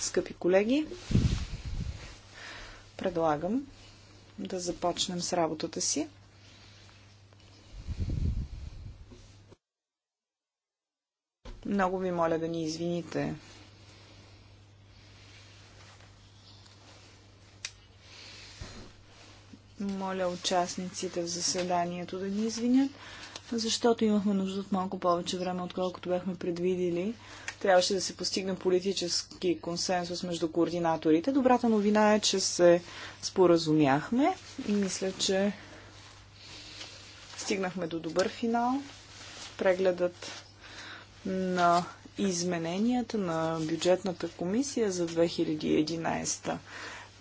Скъпи колеги, предлагам да започнем с работата си. Много ви моля да ни извините. Моля участниците в заседанието да ни извинят защото имахме нужда от малко повече време, отколкото бяхме предвидили. Трябваше да се постигне политически консенсус между координаторите. Добрата новина е, че се споразумяхме и мисля, че стигнахме до добър финал. Прегледът на измененията на бюджетната комисия за 2011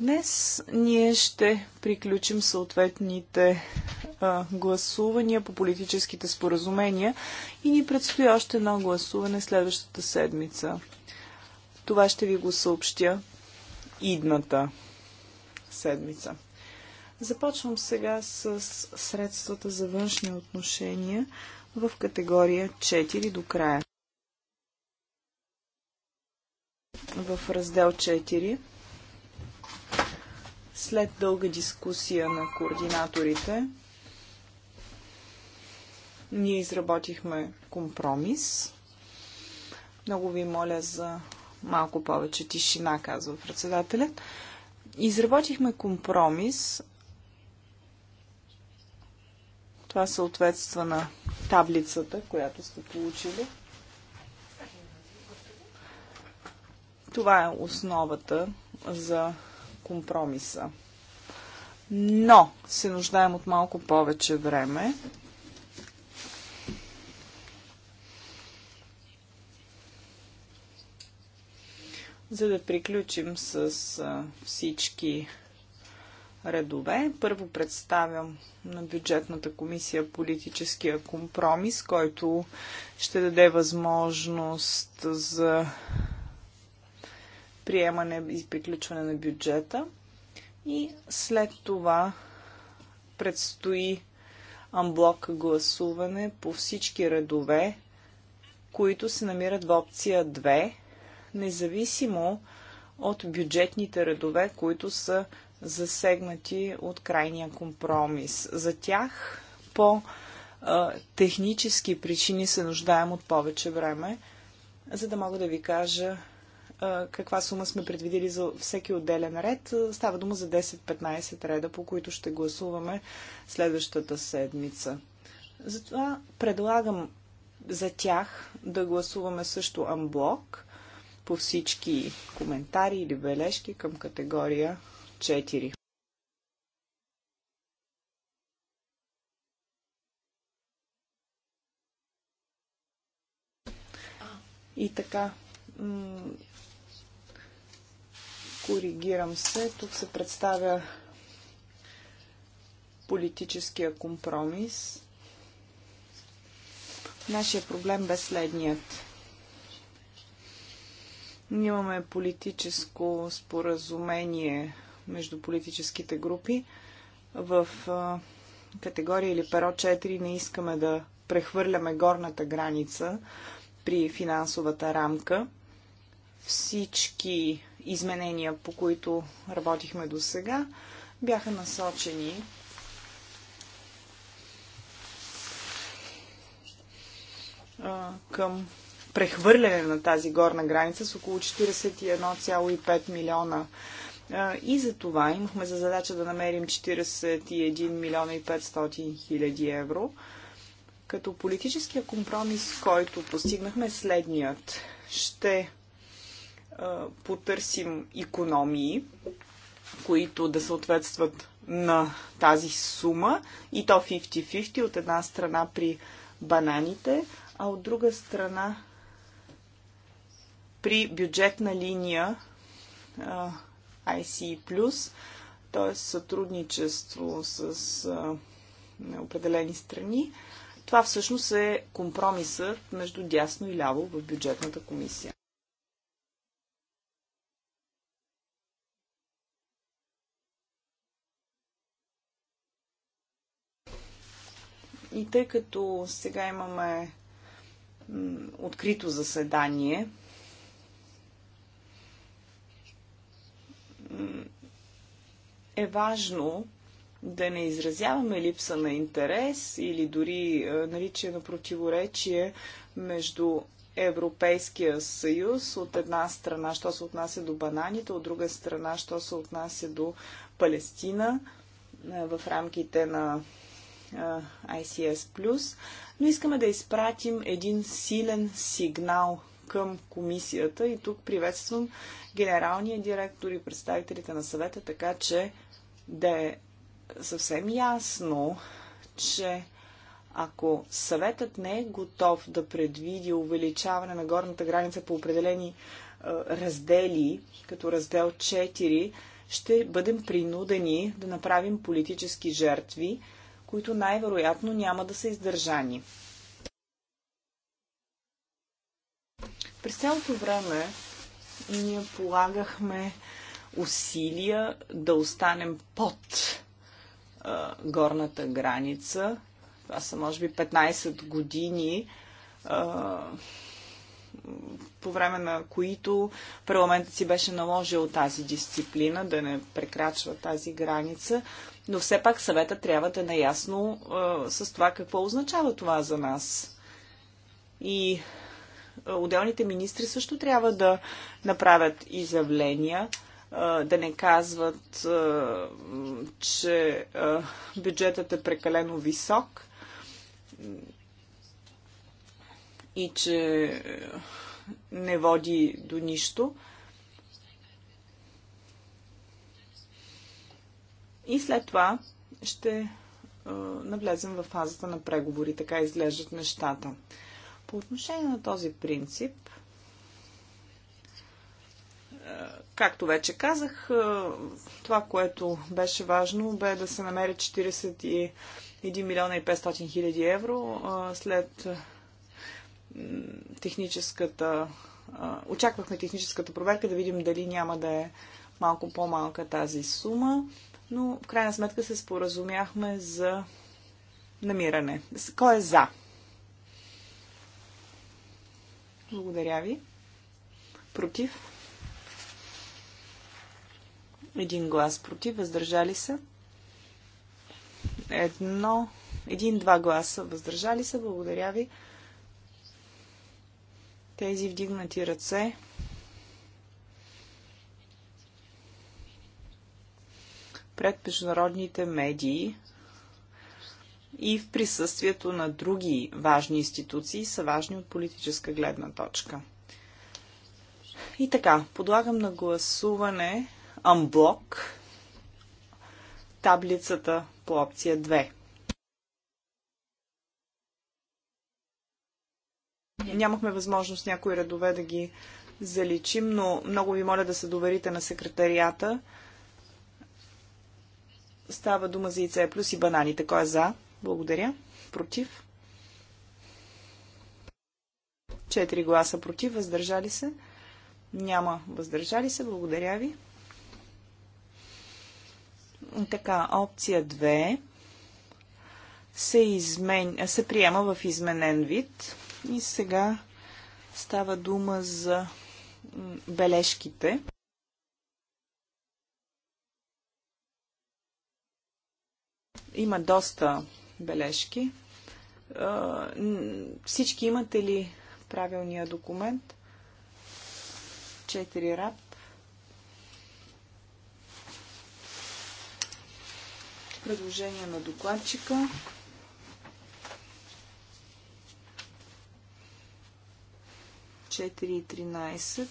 Днес ние ще приключим съответните а, гласувания по политическите споразумения и ни предстои още едно гласуване следващата седмица. Това ще ви го съобщя идната седмица. Започвам сега с средствата за външни отношения в категория 4 до края. В раздел 4 след дълга дискусия на координаторите, ние изработихме компромис. Много ви моля за малко повече тишина, казва председателят. Изработихме компромис. Това съответства на таблицата, която сте получили. Това е основата за компромиса. Но се нуждаем от малко повече време. За да приключим с всички редове. Първо представям на бюджетната комисия политическия компромис, който ще даде възможност за приемане и приключване на бюджета. И след това предстои амблок гласуване по всички редове, които се намират в опция 2, независимо от бюджетните редове, които са засегнати от крайния компромис. За тях по а, технически причини се нуждаем от повече време, за да мога да ви кажа каква сума сме предвидили за всеки отделен ред. Става дума за 10-15 реда, по които ще гласуваме следващата седмица. Затова предлагам за тях да гласуваме също амблок по всички коментари или бележки към категория 4. И така, Коригирам се. Тук се представя политическия компромис. Нашия проблем бе следният. Ние имаме политическо споразумение между политическите групи. В категория или перо 4 не искаме да прехвърляме горната граница при финансовата рамка – всички изменения, по които работихме до сега, бяха насочени към прехвърляне на тази горна граница с около 41,5 милиона. И за това имахме за задача да намерим 41 милиона и 500 хиляди евро. Като политическия компромис, който постигнахме е следният, ще потърсим економии, които да съответстват на тази сума и то 50-50 от една страна при бананите, а от друга страна при бюджетна линия IC+, т.е. сътрудничество с определени страни. Това всъщност е компромисът между дясно и ляво в бюджетната комисия. тъй като сега имаме открито заседание, е важно да не изразяваме липса на интерес или дори е, наличие на противоречие между Европейския съюз от една страна, що се отнася до бананите, от друга страна, що се отнася до Палестина е, в рамките на ICS+, но искаме да изпратим един силен сигнал към комисията и тук приветствам генералния директор и представителите на съвета, така че да е съвсем ясно, че ако съветът не е готов да предвиди увеличаване на горната граница по определени раздели, като раздел 4, ще бъдем принудени да направим политически жертви които най-вероятно няма да са издържани. През цялото време ние полагахме усилия да останем под а, горната граница. Това са може би 15 години. А, по време на които парламентът си беше наложил тази дисциплина, да не прекрачва тази граница, но все пак съвета трябва да е наясно а, с това какво означава това за нас. И отделните министри също трябва да направят изявления, да не казват, че бюджетът е прекалено висок и че е, не води до нищо. И след това ще е, навлезем в фазата на преговори. Така изглеждат нещата. По отношение на този принцип, е, както вече казах, това, което беше важно, бе да се намери 41 милиона и 500 хиляди евро след техническата. Очаквахме техническата проверка да видим дали няма да е малко по-малка тази сума, но в крайна сметка се споразумяхме за намиране. Кой е за? Благодаря ви. Против? Един глас против. Въздържали се? Едно. Един-два гласа въздържали се. Благодаря ви тези вдигнати ръце. пред международните медии и в присъствието на други важни институции са важни от политическа гледна точка. И така, подлагам на гласуване амблок таблицата по опция 2. Нямахме възможност някои редове да ги заличим, но много ви моля да се доверите на секретарията. Става дума за яйце плюс и бананите. Кой е за? Благодаря. Против? Четири гласа против. Въздържали се? Няма въздържали се. Благодаря ви. Така, опция 2 се, измен... се приема в изменен вид. И сега става дума за бележките. Има доста бележки. Всички имате ли правилния документ? Четири рап. Предложение на докладчика. 4 и 13,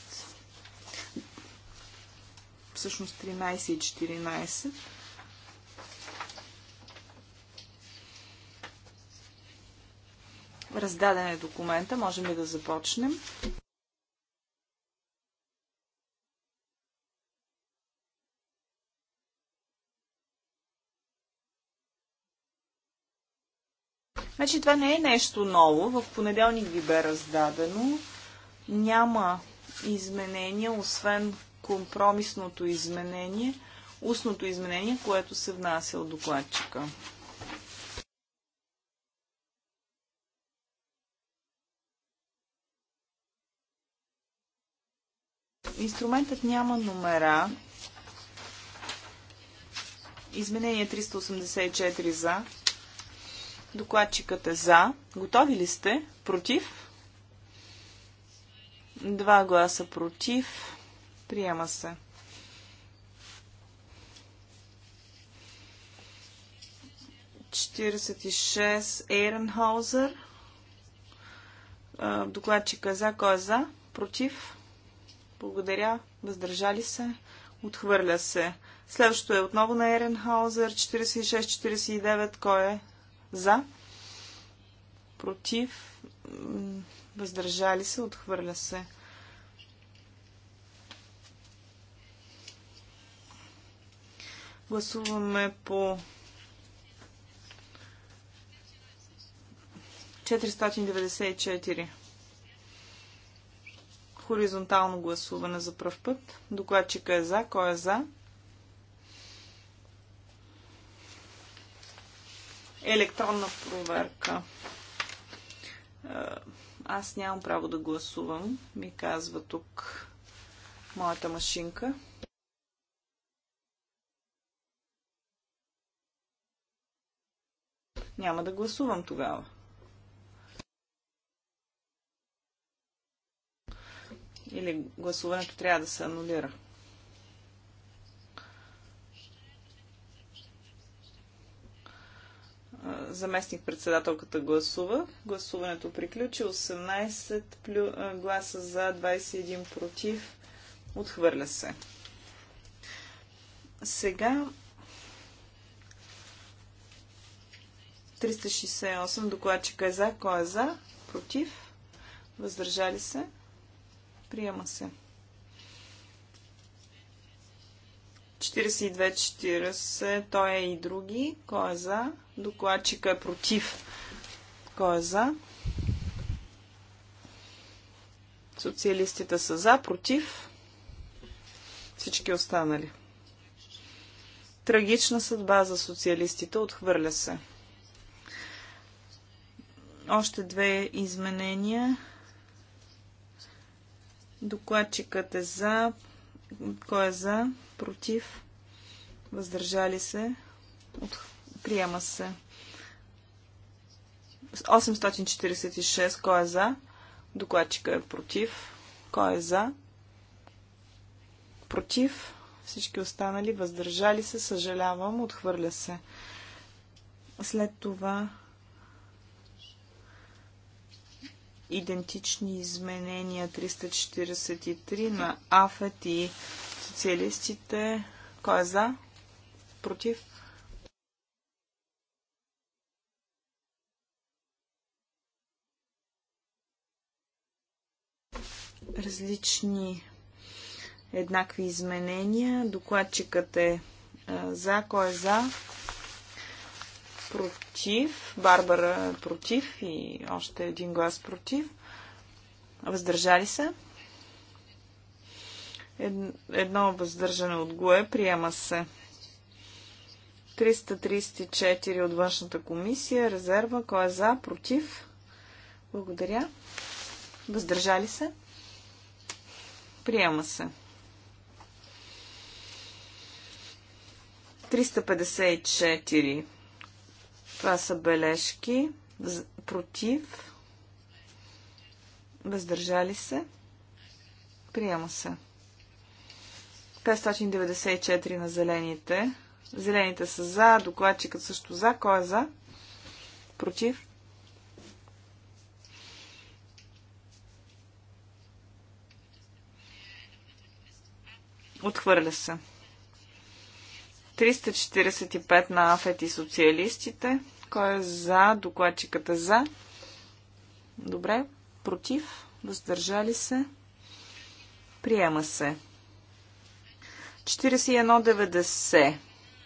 всъщност 13 и 14. Раздаден е документа, можем ли да започнем? Значи това не е нещо ново. В понеделник ви бе раздадено. Няма изменения, освен компромисното изменение, устното изменение, което се внася от докладчика. Инструментът няма номера. Изменение 384 за. Докладчикът е за. Готови ли сте? Против? Два гласа против. Приема се. Четиридесет и шест Ейренхаузер. Докладчика за. Кой е за? Против. Благодаря. Въздържали се. Отхвърля се. Следващото е отново на Еренхаузер. 46-49. Кой е за? Против въздържали се, отхвърля се. Гласуваме по 494. Хоризонтално гласуване за пръв път. Докладчика е за. Кой е за? Електронна проверка. Е, аз нямам право да гласувам, ми казва тук моята машинка. Няма да гласувам тогава. Или гласуването трябва да се анулира. заместник-председателката гласува. Гласуването приключи 18 плю, гласа за, 21 против. Отхвърля се. Сега 368 докладчика е за. Кой е за? Против? Въздържали се? Приема се. 42-40. Той е и други. Кой е за? Докладчика е против. Кой е за? Социалистите са за, против. Всички останали. Трагична съдба за социалистите. Отхвърля се. Още две изменения. Докладчикът е за. Кой е за? Против? Въздържали се? Отхвърля Приема се. 846. Кой е за? Докладчика е против. Кой е за? Против. Всички останали въздържали се. Съжалявам. Отхвърля се. След това идентични изменения 343 на АФЕТ и социалистите. Кой е за? Против? различни еднакви изменения. Докладчикът е за, кой е за, против, Барбара е против и още един глас против. Въздържали се. Едно въздържане от ГУЕ приема се. 334 от външната комисия, резерва, кой е за, против. Благодаря. Въздържали се. Приема се. 354. Това са бележки. Против. Въздържали се. Приема се. 594 на зелените. Зелените са за, докладчикът също за. Кой е за? Против? Отхвърля се. 345 на Афет и социалистите. Кой е за? Докладчиката за. Добре. Против. Въздържали се. Приема се. 4190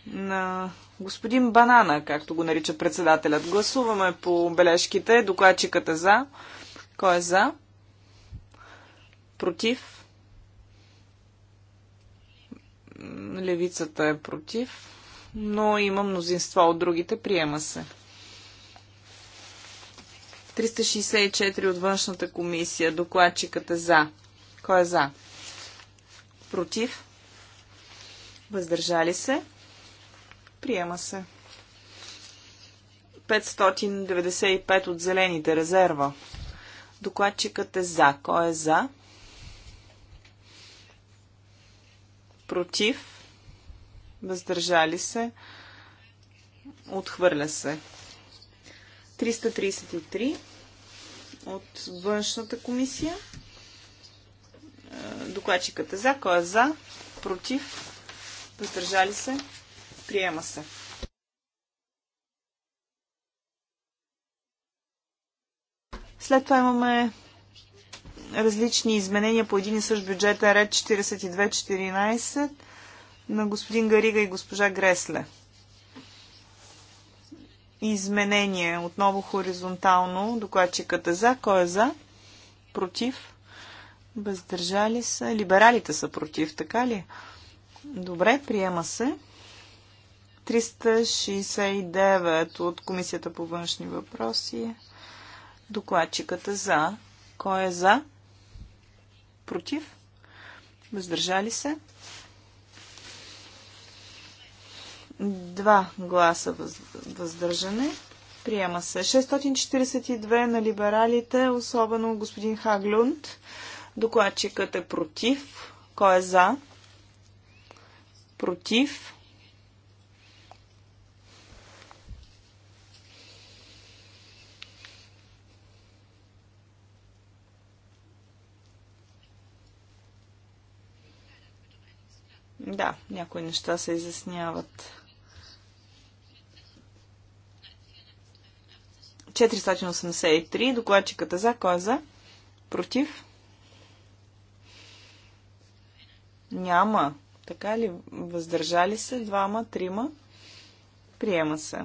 на господин Банана, както го нарича председателят. Гласуваме по бележките. Докладчиката за. Кой е за? Против левицата е против, но има мнозинство от другите, приема се. 364 от външната комисия, докладчикът е за. Кой е за? Против? Въздържали се? Приема се. 595 от зелените резерва. Докладчикът е за. Кой е за? против, въздържали се, отхвърля се. 333 от външната комисия. Е, е за, кой е за, против, въздържали се, приема се. След това имаме различни изменения по един и същ бюджетен ред 4214 на господин Гарига и госпожа Гресле. Изменение отново хоризонтално. Докладчикът е за. Кой е за? Против? Въздържали са. Либералите са против, така ли? Добре, приема се. 369 от Комисията по външни въпроси. Докладчиката е за. Кой е за? Против? Въздържали се? Два гласа въздържане. Приема се. 642 на либералите, особено господин Хаглюнд. Докладчикът е против. Кой е за? Против. Да, някои неща се изясняват. 483. Докладчиката за. Кой е за? Против? Няма. Така ли? Въздържали се? Двама? Трима? Приема се.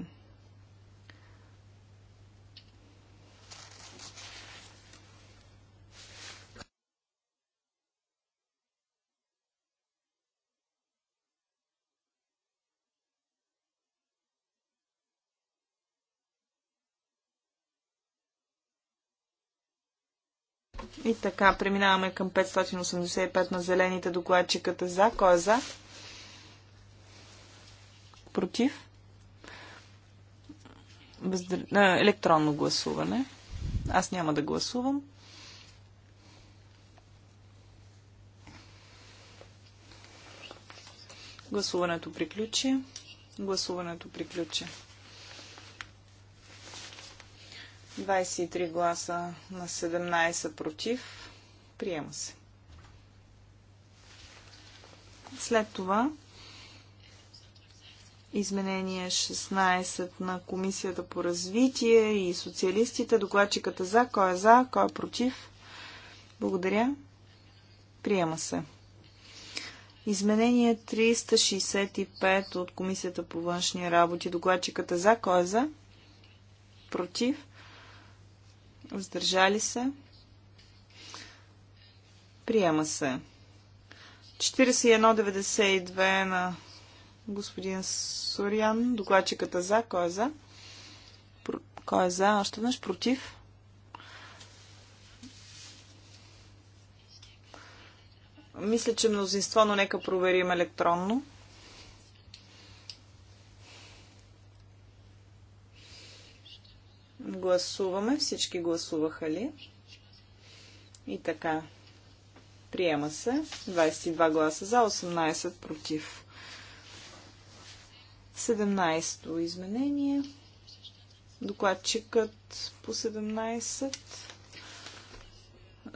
И така, преминаваме към 585 на зелените докладчиката за. Кой е за? Против? Бездр... Електронно гласуване. Аз няма да гласувам. Гласуването приключи. Гласуването приключи. 23 гласа на 17 против. Приема се. След това изменение 16 на Комисията по развитие и социалистите. Докладчиката за, кой е за, кой е против. Благодаря. Приема се. Изменение 365 от Комисията по външни работи. Докладчиката за, кой е за? Против. Въздържали се. Приема се. 41.92 на господин Сориан, докладчиката за. Кой е за? Про... Кой е за? Още веднъж против. Мисля, че мнозинство, но нека проверим електронно. Гласуваме. Всички гласуваха ли? И така. Приема се. 22 гласа за, 18 против. 17-то изменение. Докладчикът по 17.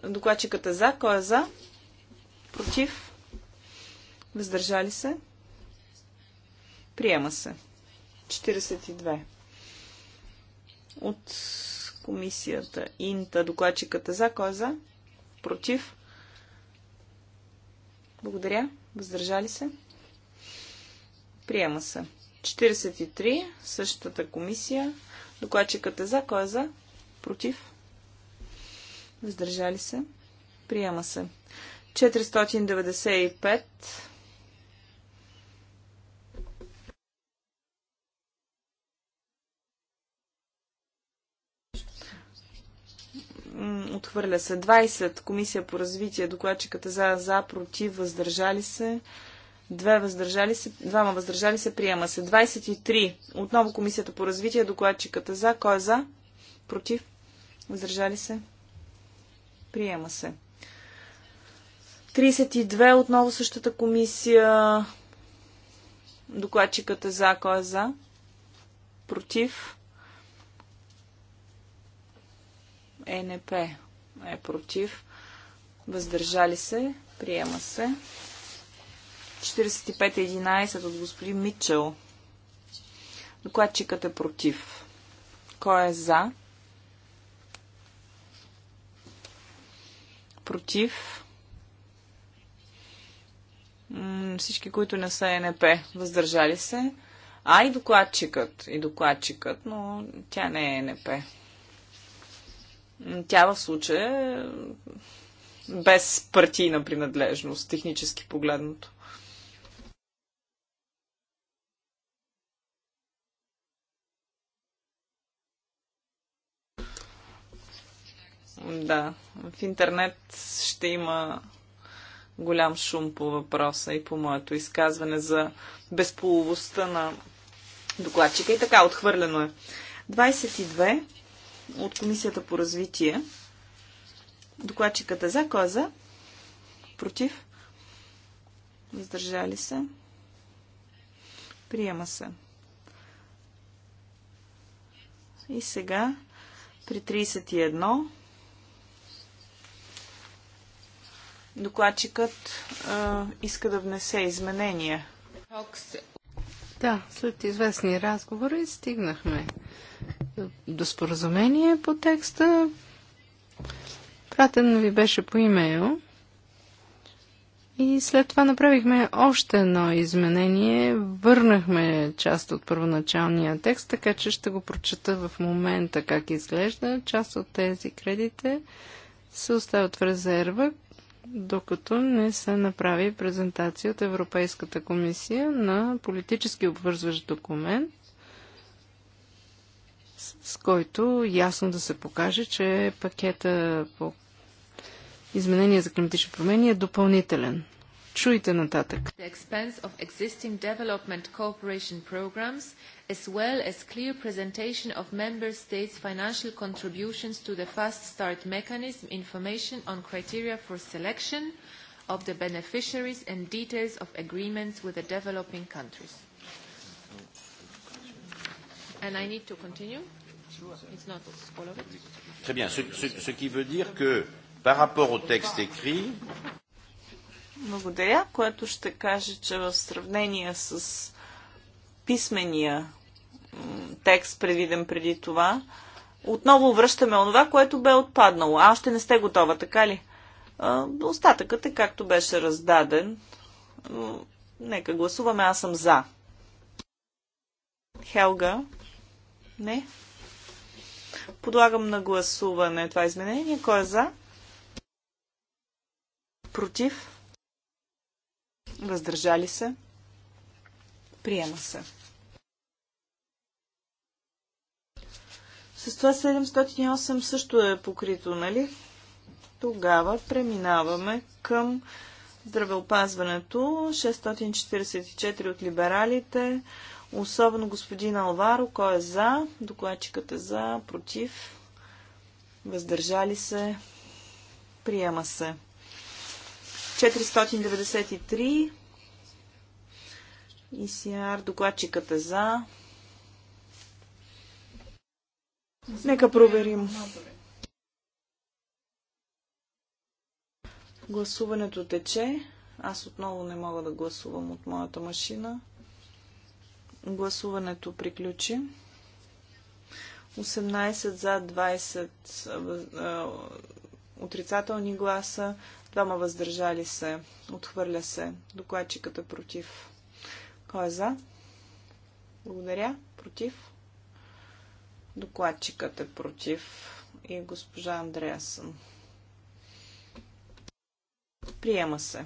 Докладчикът е за. Кой е за? Против? Въздържали се? Приема се. 42 от комисията Инта, докладчиката за, коза. е за? Против? Благодаря. Въздържали се? Приема се. 43, същата комисия. Докладчиката е за, Коза, Против? Въздържали се? Приема се. 495 Отхвърля се. 20. Комисия по развитие. Докладчиката за, за, против, въздържали се. Две въздържали се, двама въздържали се, приема се. 23. Отново Комисията по развитие, докладчиката за. Кой е за? Против? Въздържали се? Приема се. 32. Отново същата комисия. Докладчиката за. Кой е за? Против? ЕНП е против, въздържали се, приема се. 45.11 от господин Митчел. Докладчикът е против. Кой е за? Против. М всички, които не са ЕНП, въздържали се. А и докладчикът. И докладчикът, но тя не е ЕНП. Тя в случая без партийна принадлежност, технически погледното. Да, в интернет ще има голям шум по въпроса и по моето изказване за безполовостта на докладчика. И така, отхвърлено е. 22 от Комисията по развитие. Докладчикът е за. Кой е за? Против? Въздържали се? Приема се. И сега при 31 докладчикът а, иска да внесе изменения. Да, след известни разговори стигнахме до споразумение по текста. Пратен ви беше по имейл. И след това направихме още едно изменение. Върнахме част от първоначалния текст, така че ще го прочета в момента как изглежда. Част от тези кредите се остават в резерва, докато не се направи презентация от Европейската комисия на политически обвързващ документ с който ясно да се покаже, че пакета по изменение за климатични промени е допълнителен. Чуйте нататък. The expense of existing development cooperation programs, as well as clear presentation of member states' financial contributions to the fast start mechanism, information on criteria for selection of the beneficiaries and details of agreements with the developing countries. And I need to continue? It's not all of it. Très bien. Ce, ce, ce qui veut dire que par rapport au texte écrit. Благодаря, което ще каже, че в сравнение с писмения текст, предвиден преди това, отново връщаме онова, което бе отпаднало. А още не сте готова, така ли? А, остатъкът е както беше раздаден. Нека гласуваме, аз съм за. Хелга. Не. Подлагам на гласуване това изменение. Кой е за? Против? Въздържали се? Приема се. С това 708 също е покрито, нали? Тогава преминаваме към здравеопазването. 644 от либералите, Особено господин Алваро, кой е за, докладчикът е за, против, въздържали се, приема се. 493 ИСР, докладчикът е за. Нека проверим. Гласуването тече. Аз отново не мога да гласувам от моята машина. Гласуването приключи. 18 за 20 отрицателни гласа, двама въздържали се, отхвърля се. Докладчикът е против. Кой е за? Благодаря. Против? Докладчикът е против и госпожа Андреасън. Приема се.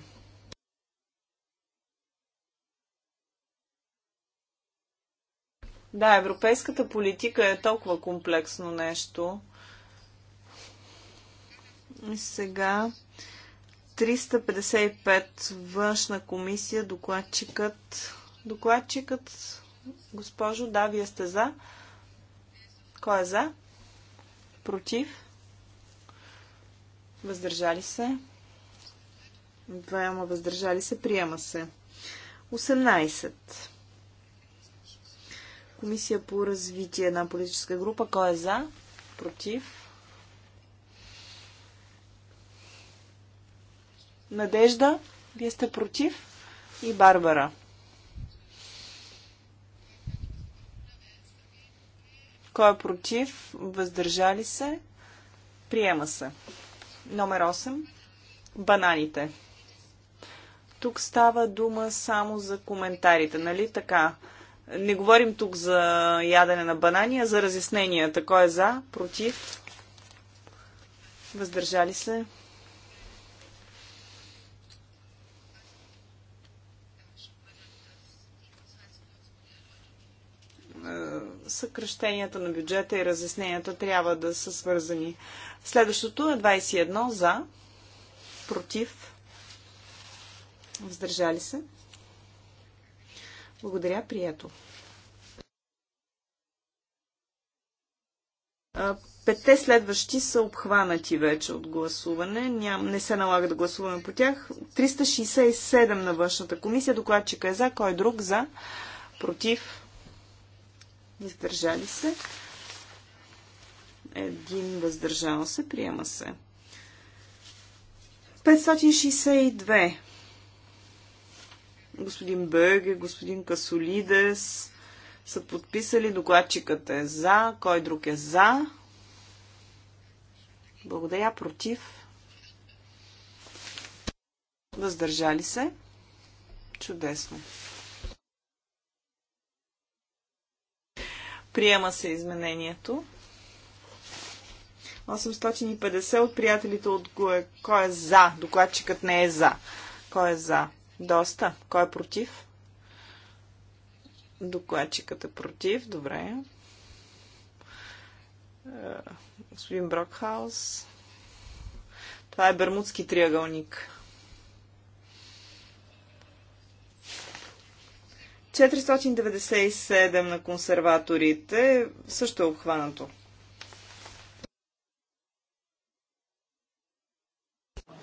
Да, европейската политика е толкова комплексно нещо. И сега 355 външна комисия, докладчикът. Докладчикът, госпожо, да, вие сте за. Кой е за? Против? Въздържали се? Двама въздържали се, приема се. 18. Комисия по развитие на политическа група. Кой е за? Против? Надежда? Вие сте против? И Барбара. Кой е против? Въздържали се? Приема се. Номер 8. Бананите. Тук става дума само за коментарите, нали така? Не говорим тук за ядене на банани, а за разясненията. Кой е за, против, въздържали се. Е, съкръщенията на бюджета и разясненията трябва да са свързани. Следващото е 21 за, против, въздържали се. Благодаря, прието. Петте следващи са обхванати вече от гласуване. Ням, не се налага да гласуваме по тях. 367 на външната комисия. Докладчика е за. Кой е друг? За. Против. Издържали се. Един въздържал се. Приема се. 562 Господин Бърге, господин Касолидес са подписали. Докладчикът е за. Кой друг е за? Благодаря. Против? Въздържали се? Чудесно. Приема се изменението. 850 от приятелите от ГОЕ. Кой е за? Докладчикът не е за. Кой е за? Доста. Кой е против? Докладчикът е против. Добре. Е, господин Брокхаус. Това е Бермудски триъгълник. 497 на консерваторите също е обхванато.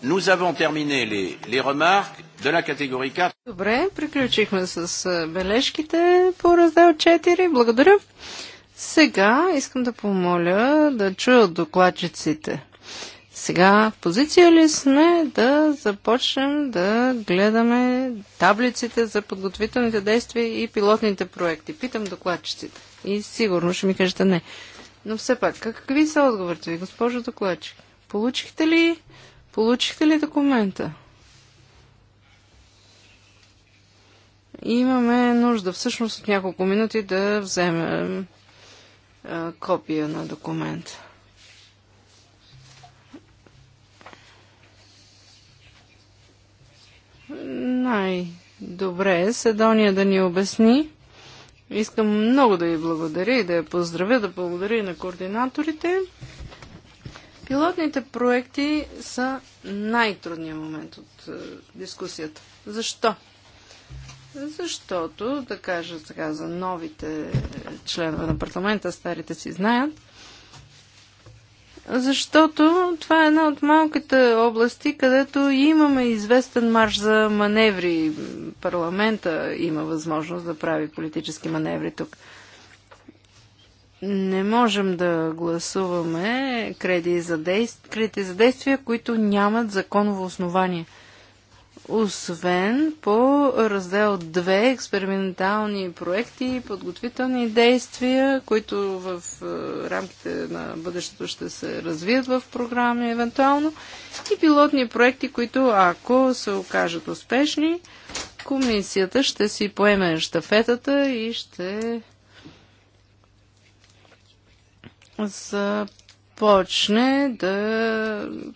Nous avons terminé les, les remarques de la catégorie 4. Добре, приключихме с бележките по раздел 4. Благодаря. Сега искам да помоля да чуя докладчиците. Сега в позиция ли сме да започнем да гледаме таблиците за подготвителните действия и пилотните проекти? Питам докладчиците. И сигурно ще ми кажете не. Но все пак, какви са отговорите ви, госпожо докладчик? Получихте ли Получихте ли документа? Имаме нужда всъщност от няколко минути да вземем а, копия на документа. Най-добре е Седония да ни обясни. Искам много да ви благодаря и да я поздравя, да благодаря и на координаторите. Пилотните проекти са най-трудният момент от е, дискусията. Защо? Защото, да кажа сега за новите членове на парламента, старите си знаят, защото това е една от малките области, където имаме известен марш за маневри. Парламента има възможност да прави политически маневри тук не можем да гласуваме кредити за, действ... кредити за действия, които нямат законово основание. Освен по раздел 2 експериментални проекти и подготвителни действия, които в е, рамките на бъдещето ще се развият в програми евентуално, и пилотни проекти, които ако се окажат успешни, комисията ще си поеме щафетата и ще започне да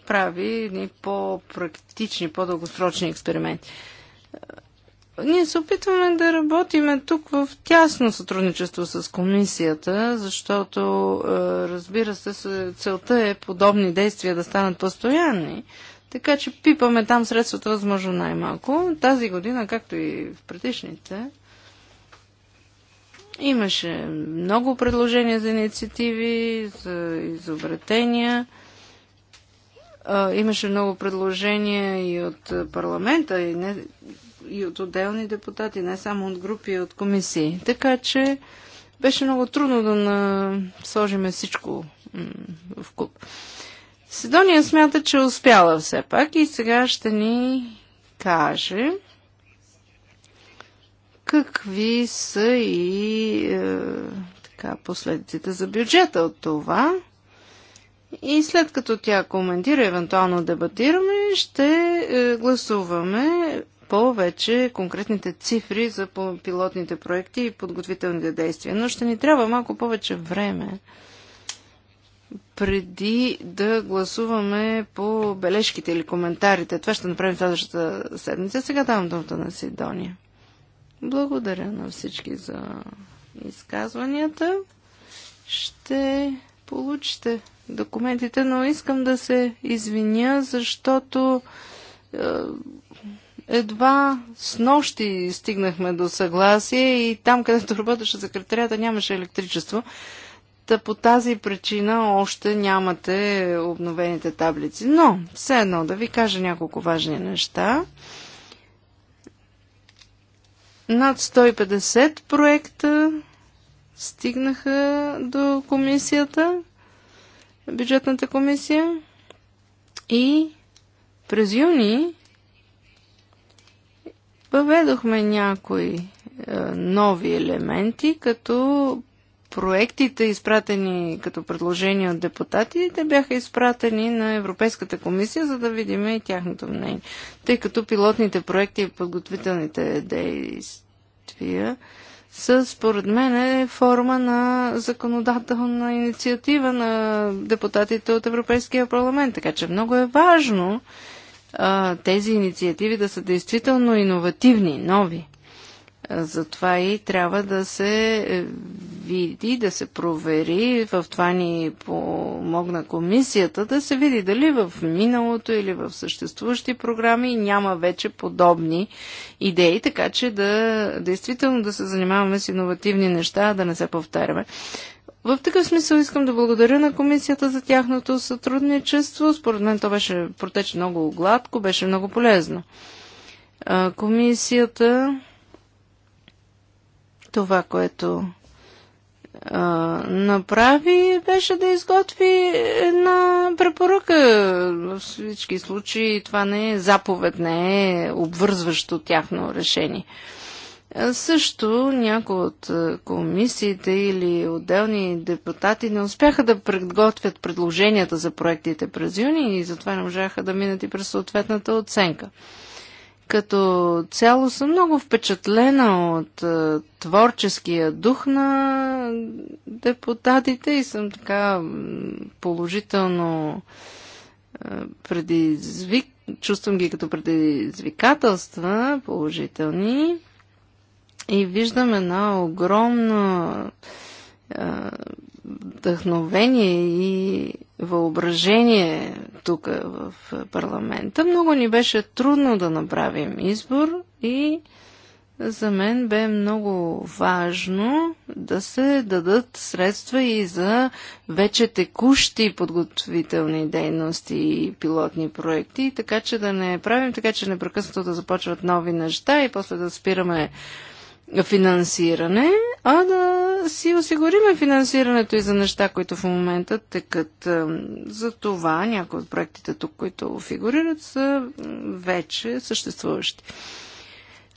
прави едни по-практични, по-дългосрочни експерименти. Ние се опитваме да работиме тук в тясно сътрудничество с комисията, защото, е, разбира се, целта е подобни действия да станат постоянни. Така че пипаме там средствата възможно най-малко. Тази година, както и в предишните, Имаше много предложения за инициативи, за изобретения. Имаше много предложения и от парламента, и, не, и от отделни депутати, не само от групи, и от комисии. Така че беше много трудно да на... сложиме всичко в куп. Седония смята, че е успяла все пак и сега ще ни каже Какви са и е, така, последиците за бюджета от това? И след като тя коментира, евентуално дебатираме, ще е, гласуваме повече конкретните цифри за пилотните проекти и подготвителните действия. Но ще ни трябва малко повече време преди да гласуваме по бележките или коментарите. Това ще направим следващата седмица. Сега давам думата на Сидония. Благодаря на всички за изказванията. Ще получите документите, но искам да се извиня, защото е, едва с нощи стигнахме до съгласие и там, където работеше секретарията, нямаше електричество. Та по тази причина още нямате обновените таблици. Но, все едно, да ви кажа няколко важни неща. Над 150 проекта стигнаха до комисията, бюджетната комисия и през юни въведохме някои е, нови елементи, като проектите, изпратени като предложения от депутатите, бяха изпратени на Европейската комисия, за да видим и тяхното мнение. Тъй като пилотните проекти и подготвителните действия са, според мен, е форма на законодателна инициатива на депутатите от Европейския парламент. Така че много е важно тези инициативи да са действително иновативни, нови. Затова и трябва да се види, да се провери, в това ни помогна комисията, да се види дали в миналото или в съществуващи програми няма вече подобни идеи, така че да действително да се занимаваме с иновативни неща, да не се повтаряме. В такъв смисъл искам да благодаря на комисията за тяхното сътрудничество. Според мен то беше протече много гладко, беше много полезно. Комисията това, което а, направи, беше да изготви една препоръка. В всички случаи това не е заповед, не е обвързващо тяхно решение. Също някои от комисиите или отделни депутати не успяха да подготвят предложенията за проектите през юни и затова не можаха да минат и през съответната оценка. Като цяло съм много впечатлена от е, творческия дух на депутатите и съм така положително е, предизвик, чувствам ги като предизвикателства, положителни и виждам една огромна е, вдъхновение и въображение тук в парламента. Много ни беше трудно да направим избор и за мен бе много важно да се дадат средства и за вече текущи подготовителни дейности и пилотни проекти, така че да не правим така, че непрекъснато да започват нови неща и после да спираме финансиране, а да си осигуриме финансирането и за неща, които в момента текат. За това някои от проектите тук, които фигурират, са вече съществуващи.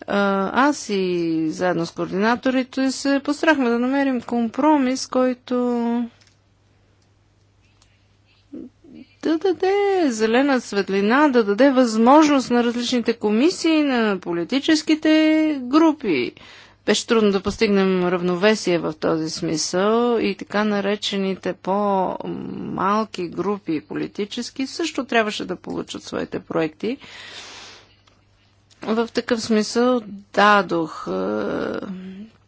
Аз и заедно с координаторите се постарахме да намерим компромис, който да даде зелена светлина, да даде възможност на различните комисии, на политическите групи беше трудно да постигнем равновесие в този смисъл и така наречените по-малки групи политически също трябваше да получат своите проекти. В такъв смисъл дадох е,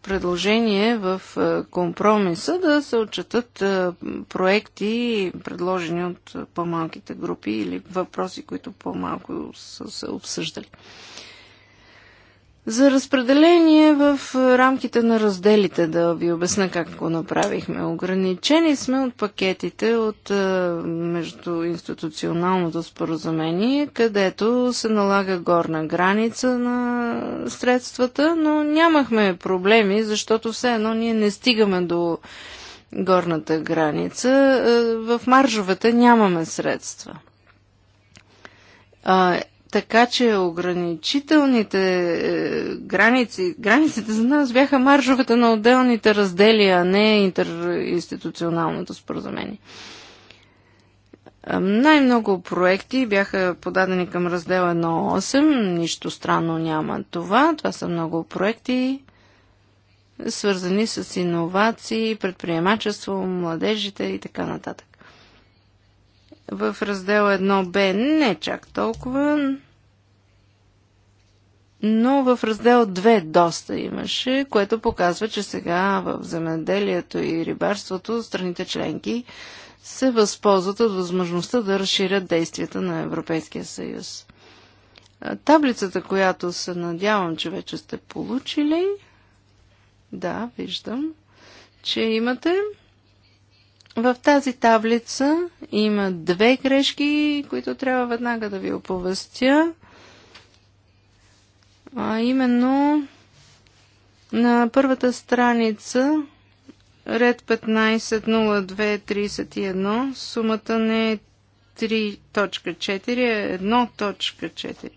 предложение в е, компромиса да се отчетат е, проекти, предложени от по-малките групи или въпроси, които по-малко са се обсъждали. За разпределение в рамките на разделите, да ви обясна как го направихме. Ограничени сме от пакетите от междуинституционалното споразумение, където се налага горна граница на средствата, но нямахме проблеми, защото все едно ние не стигаме до горната граница. В маржовете нямаме средства. Така че ограничителните е, граници, границите за нас бяха маржовете на отделните раздели, а не интеринституционалното споразумение. Най-много проекти бяха подадени към раздел 1.8. Нищо странно няма това. Това са много проекти, свързани с иновации, предприемачество, младежите и така нататък. В раздел 1б не чак толкова. Но в раздел 2 доста имаше, което показва, че сега в земеделието и рибарството страните членки се възползват от възможността да разширят действията на Европейския съюз. Таблицата, която се надявам, че вече сте получили, да, виждам, че имате. В тази таблица има две грешки, които трябва веднага да ви оповестя. А именно на първата страница Ред 150231 сумата не е 3.4, е 1.4.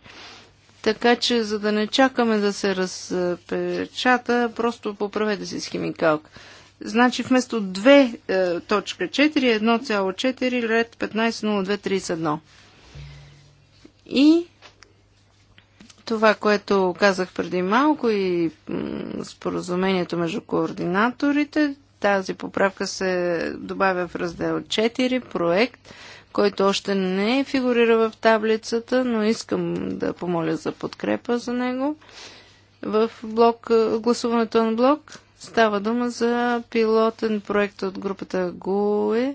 Така че, за да не чакаме да се разпечата, просто поправете си с химикалка. Значи вместо 2.4 е 1.4, ред 150231. И това, което казах преди малко и споразумението между координаторите, тази поправка се добавя в раздел 4, проект, който още не е фигурира в таблицата, но искам да помоля за подкрепа за него. В блок, е, гласуването на блок става дума за пилотен проект от групата ГУЕ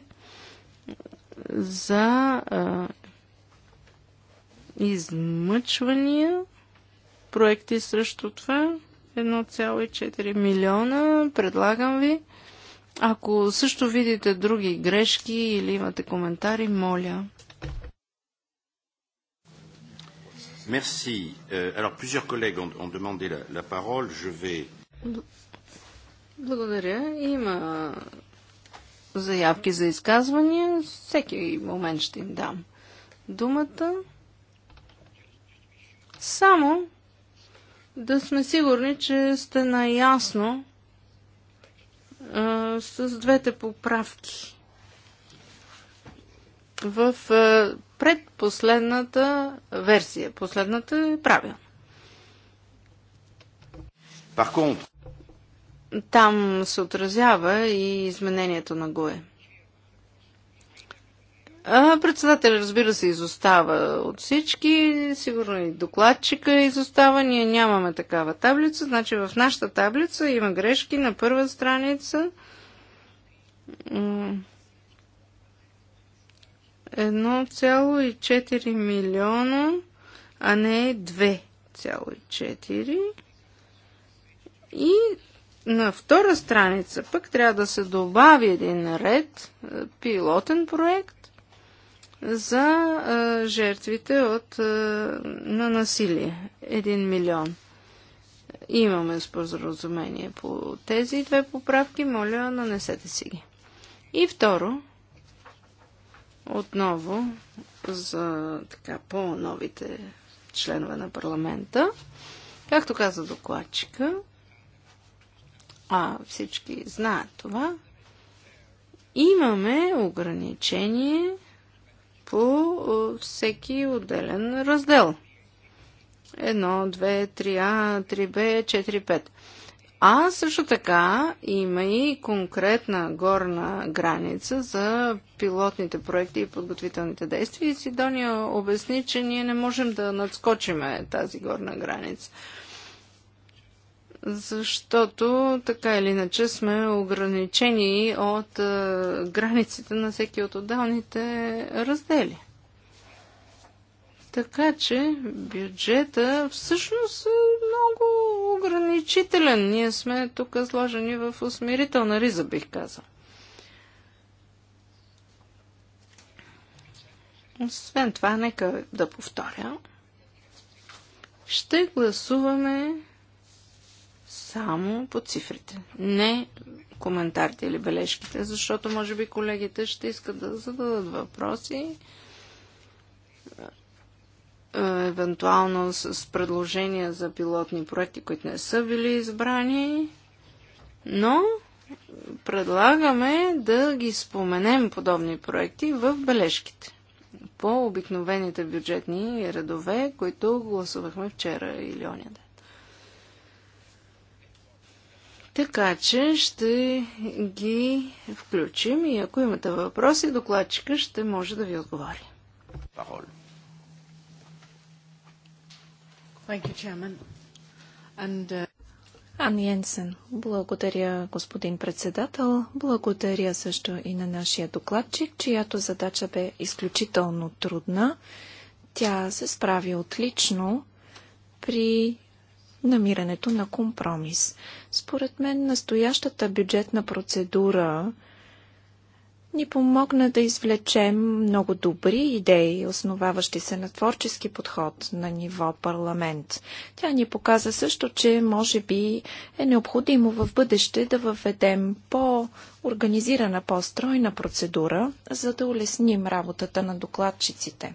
за а, е, измъчвания проекти срещу това. 1,4 милиона. Предлагам ви. Ако също видите други грешки или имате коментари, моля. Merci. Euh, alors, plusieurs collègues ont, ont demandé la, la parole. Je vais. Благодаря. Има заявки за изказвания. Всеки момент ще им дам думата. Само да сме сигурни, че сте наясно а, с двете поправки. В а, предпоследната версия. Последната е правилна. Там се отразява и изменението на ГОЕ. Председателя, разбира се, изостава от всички. Сигурно и докладчика изостава. Ние нямаме такава таблица. Значи в нашата таблица има грешки на първа страница. Едно цяло и 4 милиона, а не 2,4. И на втора страница пък трябва да се добави един ред, е, пилотен проект, за а, жертвите от, а, на насилие. един милион. Имаме споразумение по тези две поправки. Моля, нанесете си ги. И второ, отново за така по-новите членове на парламента. Както каза докладчика, а всички знаят това, имаме ограничение по всеки отделен раздел. 1, 2, 3А, 3Б, 4, А също така има и конкретна горна граница за пилотните проекти и подготвителните действия. И Сидония обясни, че ние не можем да надскочиме тази горна граница защото така или иначе сме ограничени от а, границите на всеки от отдалните раздели. Така че бюджета всъщност е много ограничителен. Ние сме тук сложени в усмирителна риза, бих казал. Освен това, нека да повторя. Ще гласуваме само по цифрите. Не коментарите или бележките, защото може би колегите ще искат да зададат въпроси. Е, евентуално с предложения за пилотни проекти, които не са били избрани. Но предлагаме да ги споменем подобни проекти в бележките по обикновените бюджетни редове, които гласувахме вчера или оня ден. Така че ще ги включим и ако имате въпроси, докладчика ще може да ви отговори. Uh, благодаря господин председател, благодаря също и на нашия докладчик, чиято задача бе изключително трудна. Тя се справи отлично при намирането на компромис. Според мен настоящата бюджетна процедура ни помогна да извлечем много добри идеи, основаващи се на творчески подход на ниво парламент. Тя ни показа също, че може би е необходимо в бъдеще да въведем по-организирана, по-стройна процедура, за да улесним работата на докладчиците.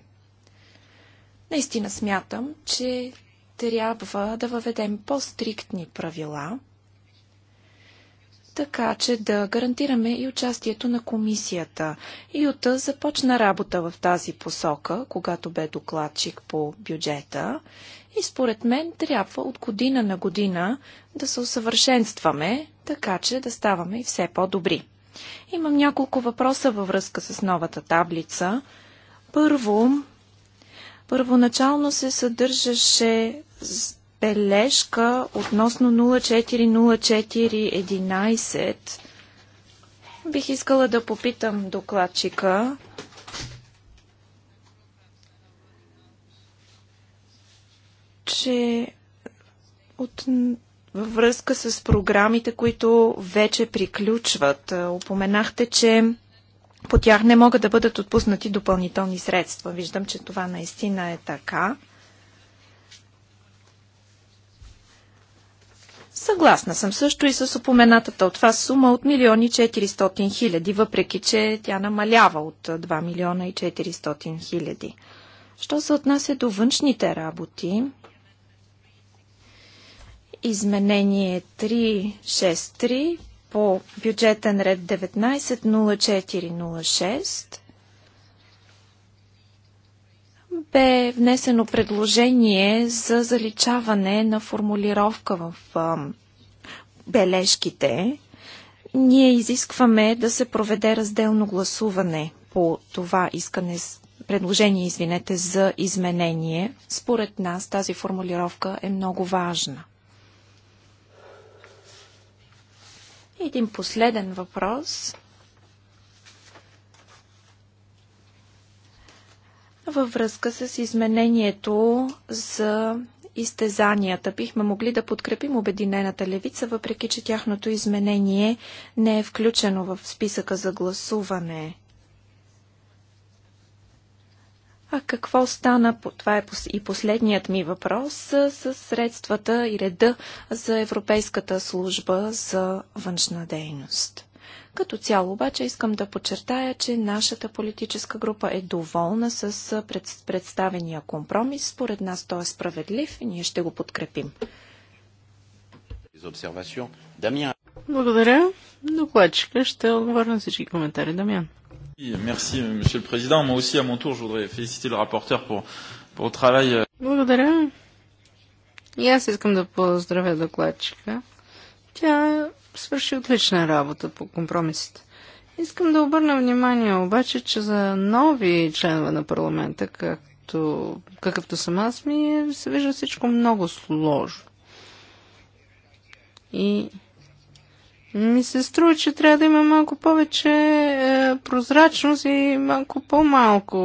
Наистина смятам, че трябва да въведем по-стриктни правила, така че да гарантираме и участието на комисията. Юта започна работа в тази посока, когато бе докладчик по бюджета и според мен трябва от година на година да се усъвършенстваме, така че да ставаме и все по-добри. Имам няколко въпроса във връзка с новата таблица. Първо, първоначално се съдържаше бележка относно 040411. Бих искала да попитам докладчика. че от, във връзка с програмите, които вече приключват, упоменахте, че по тях не могат да бъдат отпуснати допълнителни средства. Виждам, че това наистина е така. Съгласна съм също и с упоменатата от вас сума от милиони 400 хиляди, въпреки че тя намалява от 2 милиона и 400 хиляди. Що се отнася до външните работи, изменение 363 по бюджетен ред 190406 бе внесено предложение за заличаване на формулировка в бележките. Ние изискваме да се проведе разделно гласуване по това искане предложение, извинете, за изменение. Според нас тази формулировка е много важна. Един последен въпрос – във връзка с изменението за изтезанията. Бихме могли да подкрепим Обединената левица, въпреки че тяхното изменение не е включено в списъка за гласуване. А какво стана, това е и последният ми въпрос, с средствата и реда за Европейската служба за външна дейност? Като цяло обаче искам да подчертая, че нашата политическа група е доволна с представения компромис. Според нас той е справедлив и ние ще го подкрепим. Благодаря. Докладчика ще отговоря на всички коментари. Дамян. Merci, Monsieur le Président. Moi aussi, à mon tour, je voudrais féliciter le rapporteur pour, pour le travail. Euh, Благодаря. И аз искам да поздравя докладчика. Тя свърши отлична работа по компромисите. Искам да обърна внимание обаче, че за нови членове на парламента, както, какъвто съм аз, ми е, се вижда всичко много сложно. И ми се струва, че трябва да има малко повече е, прозрачност и малко по-малко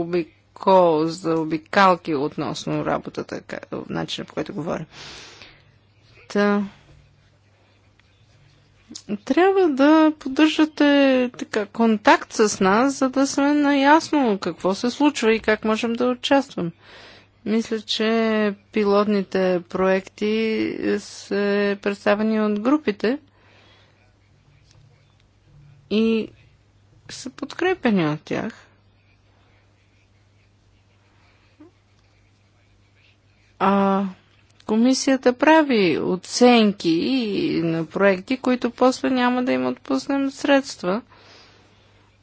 обикол за обикалки относно работата, начина по който говоря. Та трябва да поддържате така, контакт с нас, за да сме наясно какво се случва и как можем да участваме. Мисля, че пилотните проекти са представени от групите и са подкрепени от тях. А Комисията прави оценки и на проекти, които после няма да им отпуснем средства.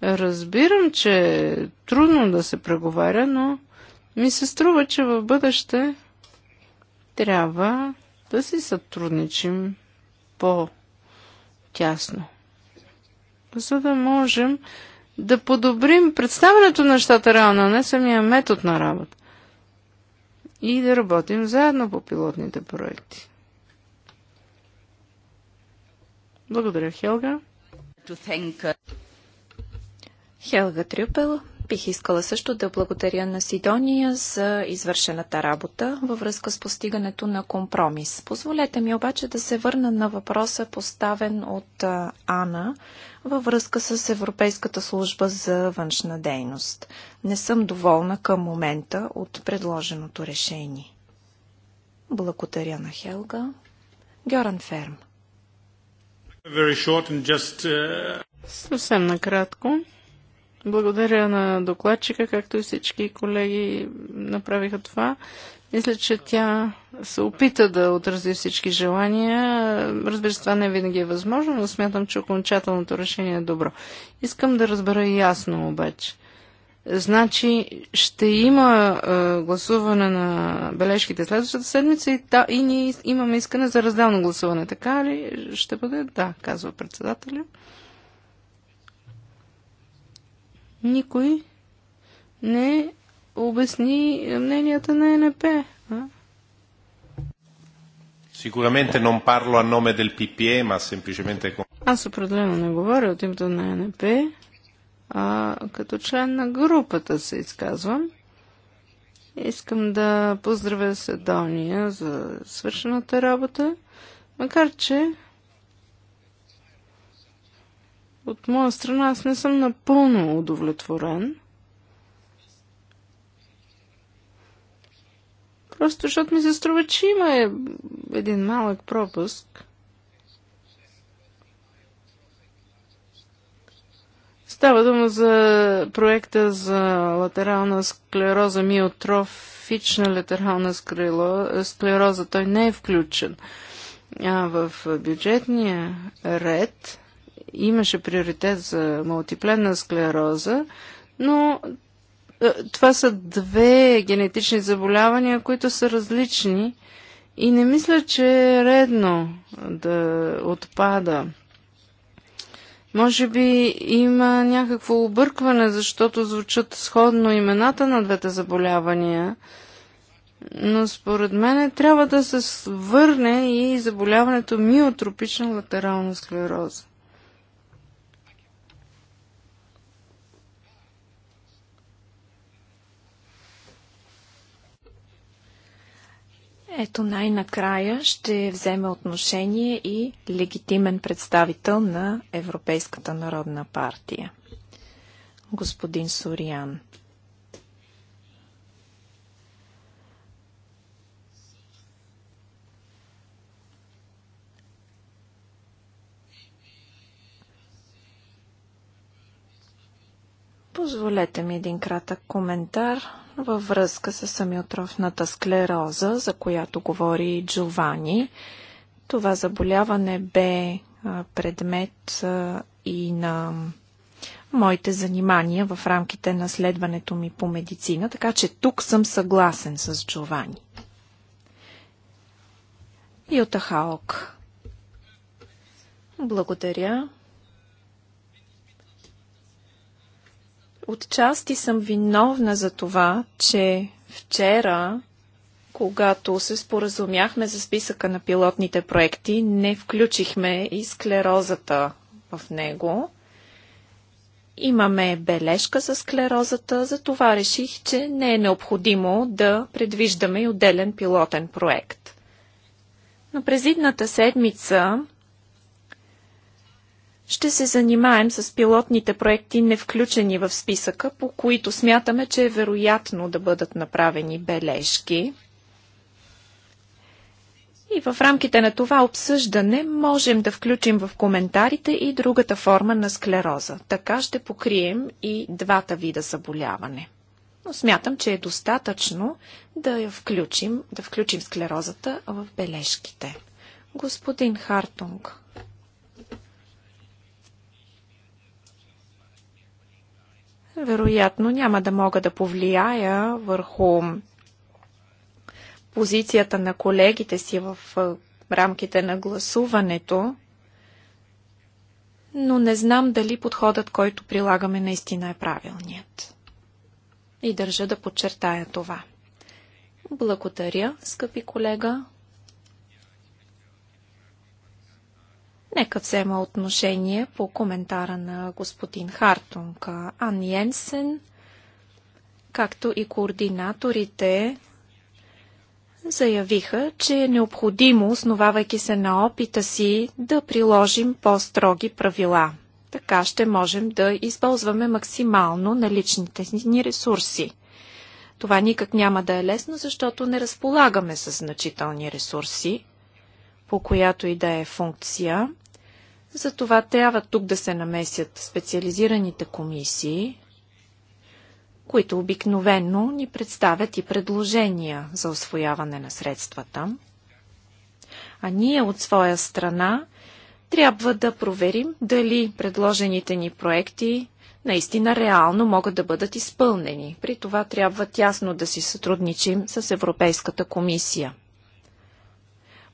Разбирам, че е трудно да се преговаря, но ми се струва, че в бъдеще трябва да си сътрудничим по-тясно, за да можем да подобрим представянето на нещата реално, не самия метод на работа и да работим заедно по пилотните проекти. Благодаря, Хелга. Uh, Хелга Трюпел. Бих искала също да благодаря на Сидония за извършената работа във връзка с постигането на компромис. Позволете ми обаче да се върна на въпроса поставен от Ана във връзка с Европейската служба за външна дейност. Не съм доволна към момента от предложеното решение. Благодаря на Хелга. Гьоран Ферм. Uh, Съвсем накратко. Благодаря на докладчика, както и всички колеги направиха това. Мисля, че тя се опита да отрази всички желания. Разбира се, това не винаги е възможно, но смятам, че окончателното решение е добро. Искам да разбера ясно обаче. Значи ще има е, гласуване на бележките следващата седмица и, та, и ние имаме искане за разделно гласуване. Така ли ще бъде? Да, казва председателя никой не обясни мненията на НП. А? не парло а номе дел ППЕ, PPE, ma Аз определено не говоря от името на НП, а като член на групата се изказвам. Искам да поздравя Седония за свършената работа, макар че от моя страна аз не съм напълно удовлетворен. Просто защото ми се струва, че има е един малък пропуск. Става дума за проекта за латерална склероза, миотрофична латерална склероза. Той не е включен а в бюджетния ред имаше приоритет за мултипленна склероза, но е, това са две генетични заболявания, които са различни и не мисля, че е редно да отпада. Може би има някакво объркване, защото звучат сходно имената на двете заболявания, но според мен трябва да се върне и заболяването миотропична латерална склероза. Ето най-накрая ще вземе отношение и легитимен представител на Европейската народна партия, господин Сориан. Позволете ми един кратък коментар във връзка с самиотрофната склероза, за която говори Джовани. Това заболяване бе предмет и на моите занимания в рамките на следването ми по медицина, така че тук съм съгласен с Джовани. Юта Хаок. Благодаря. Отчасти съм виновна за това, че вчера, когато се споразумяхме за списъка на пилотните проекти, не включихме и склерозата в него. Имаме бележка за склерозата, затова реших, че не е необходимо да предвиждаме и отделен пилотен проект. Но през идната седмица ще се занимаем с пилотните проекти, не включени в списъка, по които смятаме, че е вероятно да бъдат направени бележки. И в рамките на това обсъждане можем да включим в коментарите и другата форма на склероза. Така ще покрием и двата вида заболяване. Но смятам, че е достатъчно да я включим, да включим склерозата в бележките. Господин Хартунг. вероятно няма да мога да повлияя върху позицията на колегите си в рамките на гласуването, но не знам дали подходът, който прилагаме, наистина е правилният. И държа да подчертая това. Благодаря, скъпи колега. Нека взема отношение по коментара на господин Хартунг, Ан Йенсен, както и координаторите заявиха, че е необходимо, основавайки се на опита си, да приложим по-строги правила. Така ще можем да използваме максимално наличните ни ресурси. Това никак няма да е лесно, защото не разполагаме с значителни ресурси, по която и да е функция. Затова трябва тук да се намесят специализираните комисии, които обикновенно ни представят и предложения за освояване на средствата. А ние от своя страна трябва да проверим дали предложените ни проекти наистина реално могат да бъдат изпълнени. При това трябва тясно да си сътрудничим с Европейската комисия.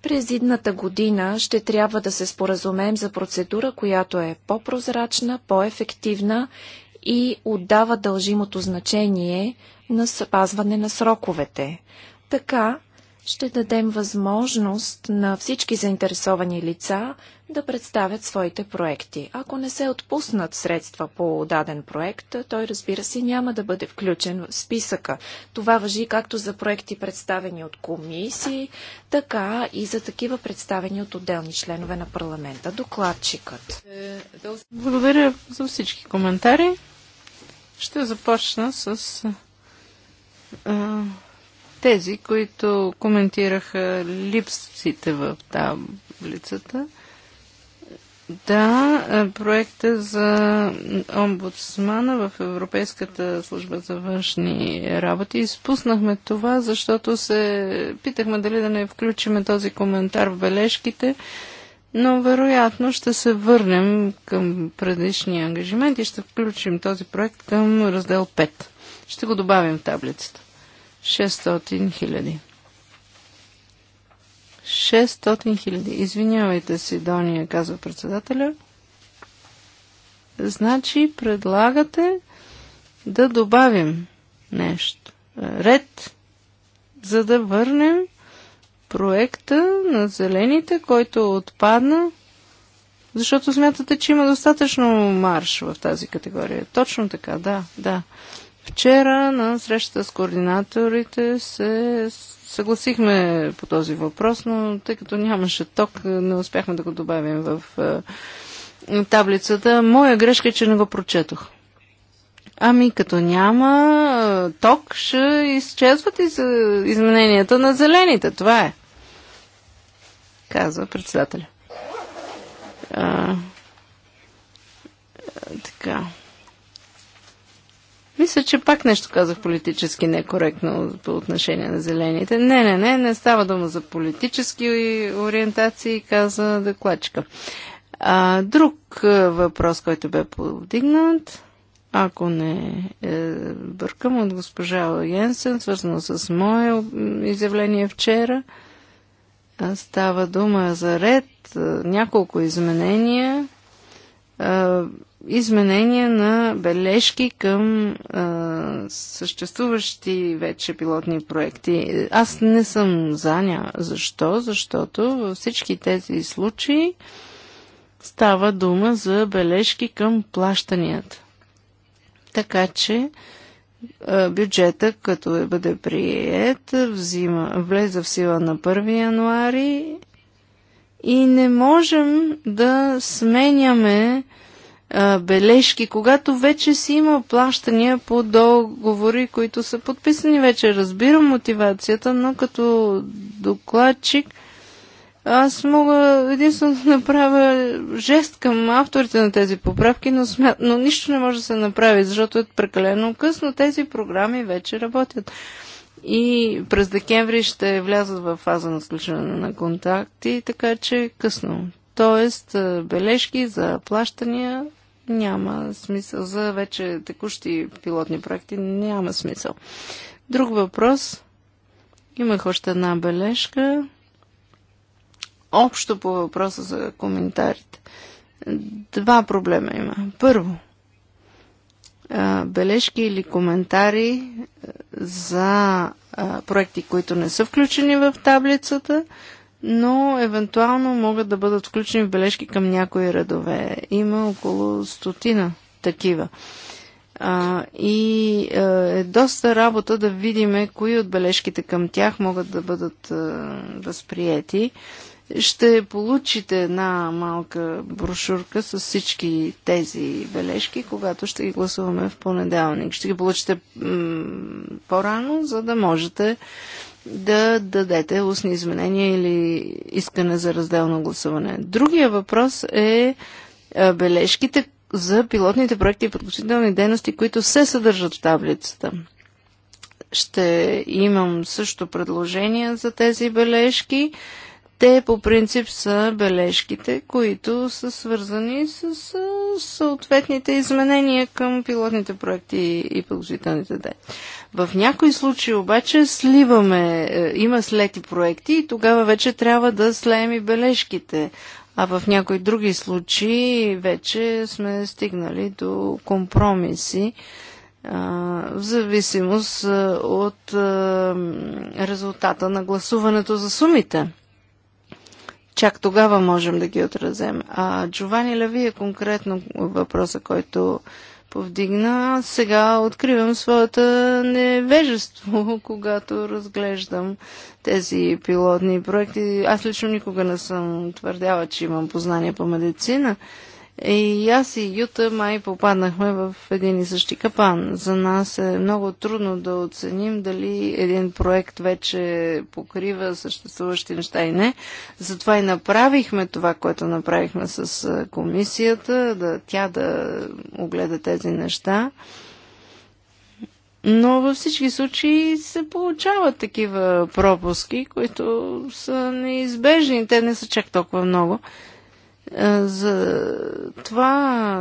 През идната година ще трябва да се споразумеем за процедура, която е по-прозрачна, по-ефективна и отдава дължимото значение на спазване на сроковете. Така ще дадем възможност на всички заинтересовани лица да представят своите проекти. Ако не се отпуснат средства по даден проект, той разбира се няма да бъде включен в списъка. Това въжи както за проекти представени от комисии, така и за такива представени от отделни членове на парламента. Докладчикът. Благодаря за всички коментари. Ще започна с тези, които коментираха липсите в таблицата, да, проекта за омбудсмана в Европейската служба за външни работи. Изпуснахме това, защото се питахме дали да не включиме този коментар в бележките, но вероятно ще се върнем към предишния ангажимент и ще включим този проект към раздел 5. Ще го добавим в таблицата. 600 хиляди. 600 хиляди. Извинявайте, Дония казва председателя. Значи предлагате да добавим нещо. Ред, за да върнем проекта на зелените, който отпадна, защото смятате, че има достатъчно марш в тази категория. Точно така, да, да. Вчера на срещата с координаторите се съгласихме по този въпрос, но тъй като нямаше ток, не успяхме да го добавим в е, таблицата. Моя грешка е, че не го прочетох. Ами като няма е, ток, ще изчезват из, измененията на зелените. Това е. Казва председателя. А, е, така. Мисля, че пак нещо казах политически некоректно по отношение на зелените. Не, не, не, не става дума за политически ориентации, каза докладчика. А, друг е, въпрос, който бе повдигнат, ако не е, бъркам, от госпожа Йенсен, свързано с мое изявление вчера, става дума за ред, е, няколко изменения е, изменения на бележки към а, съществуващи вече пилотни проекти. Аз не съм заня. Защо? Защото във всички тези случаи става дума за бележки към плащанията. Така че а, бюджета, като е бъде прият, взима, влезе в сила на 1 януари и не можем да сменяме бележки, когато вече си има плащания по договори, които са подписани вече. Разбирам мотивацията, но като докладчик аз мога единствено да направя жест към авторите на тези поправки, но, смя... но нищо не може да се направи, защото е прекалено късно. Тези програми вече работят. И през декември ще влязат в фаза на сключване на контакти, така че късно. Тоест, бележки за плащания няма смисъл. За вече текущи пилотни проекти няма смисъл. Друг въпрос. Имах още една бележка. Общо по въпроса за коментарите. Два проблема има. Първо, бележки или коментари за проекти, които не са включени в таблицата, но евентуално могат да бъдат включени в бележки към някои редове. Има около стотина такива. А, и а, е доста работа да видиме кои от бележките към тях могат да бъдат а, възприяти. Ще получите една малка брошурка с всички тези бележки, когато ще ги гласуваме в понеделник. Ще ги получите по-рано, за да можете да дадете устни изменения или искане за разделно гласуване. Другия въпрос е, е бележките за пилотните проекти и подготвителни дейности, които се съдържат в таблицата. Ще имам също предложения за тези бележки те по принцип са бележките, които са свързани с съответните изменения към пилотните проекти и положителните дати. В някои случаи обаче сливаме, е, има слети проекти и тогава вече трябва да слеем и бележките. А в някои други случаи вече сме стигнали до компромиси е, в зависимост е, от резултата на гласуването за сумите чак тогава можем да ги отразем. А Джовани Лави е конкретно въпроса, който повдигна. Сега откривам своята невежество, когато разглеждам тези пилотни проекти. Аз лично никога не съм твърдяла, че имам познание по медицина. И аз и Юта май попаднахме в един и същи капан. За нас е много трудно да оценим дали един проект вече покрива съществуващи неща и не. Затова и направихме това, което направихме с комисията, да тя да огледа тези неща. Но във всички случаи се получават такива пропуски, които са неизбежни. Те не са чак толкова много. Е, за това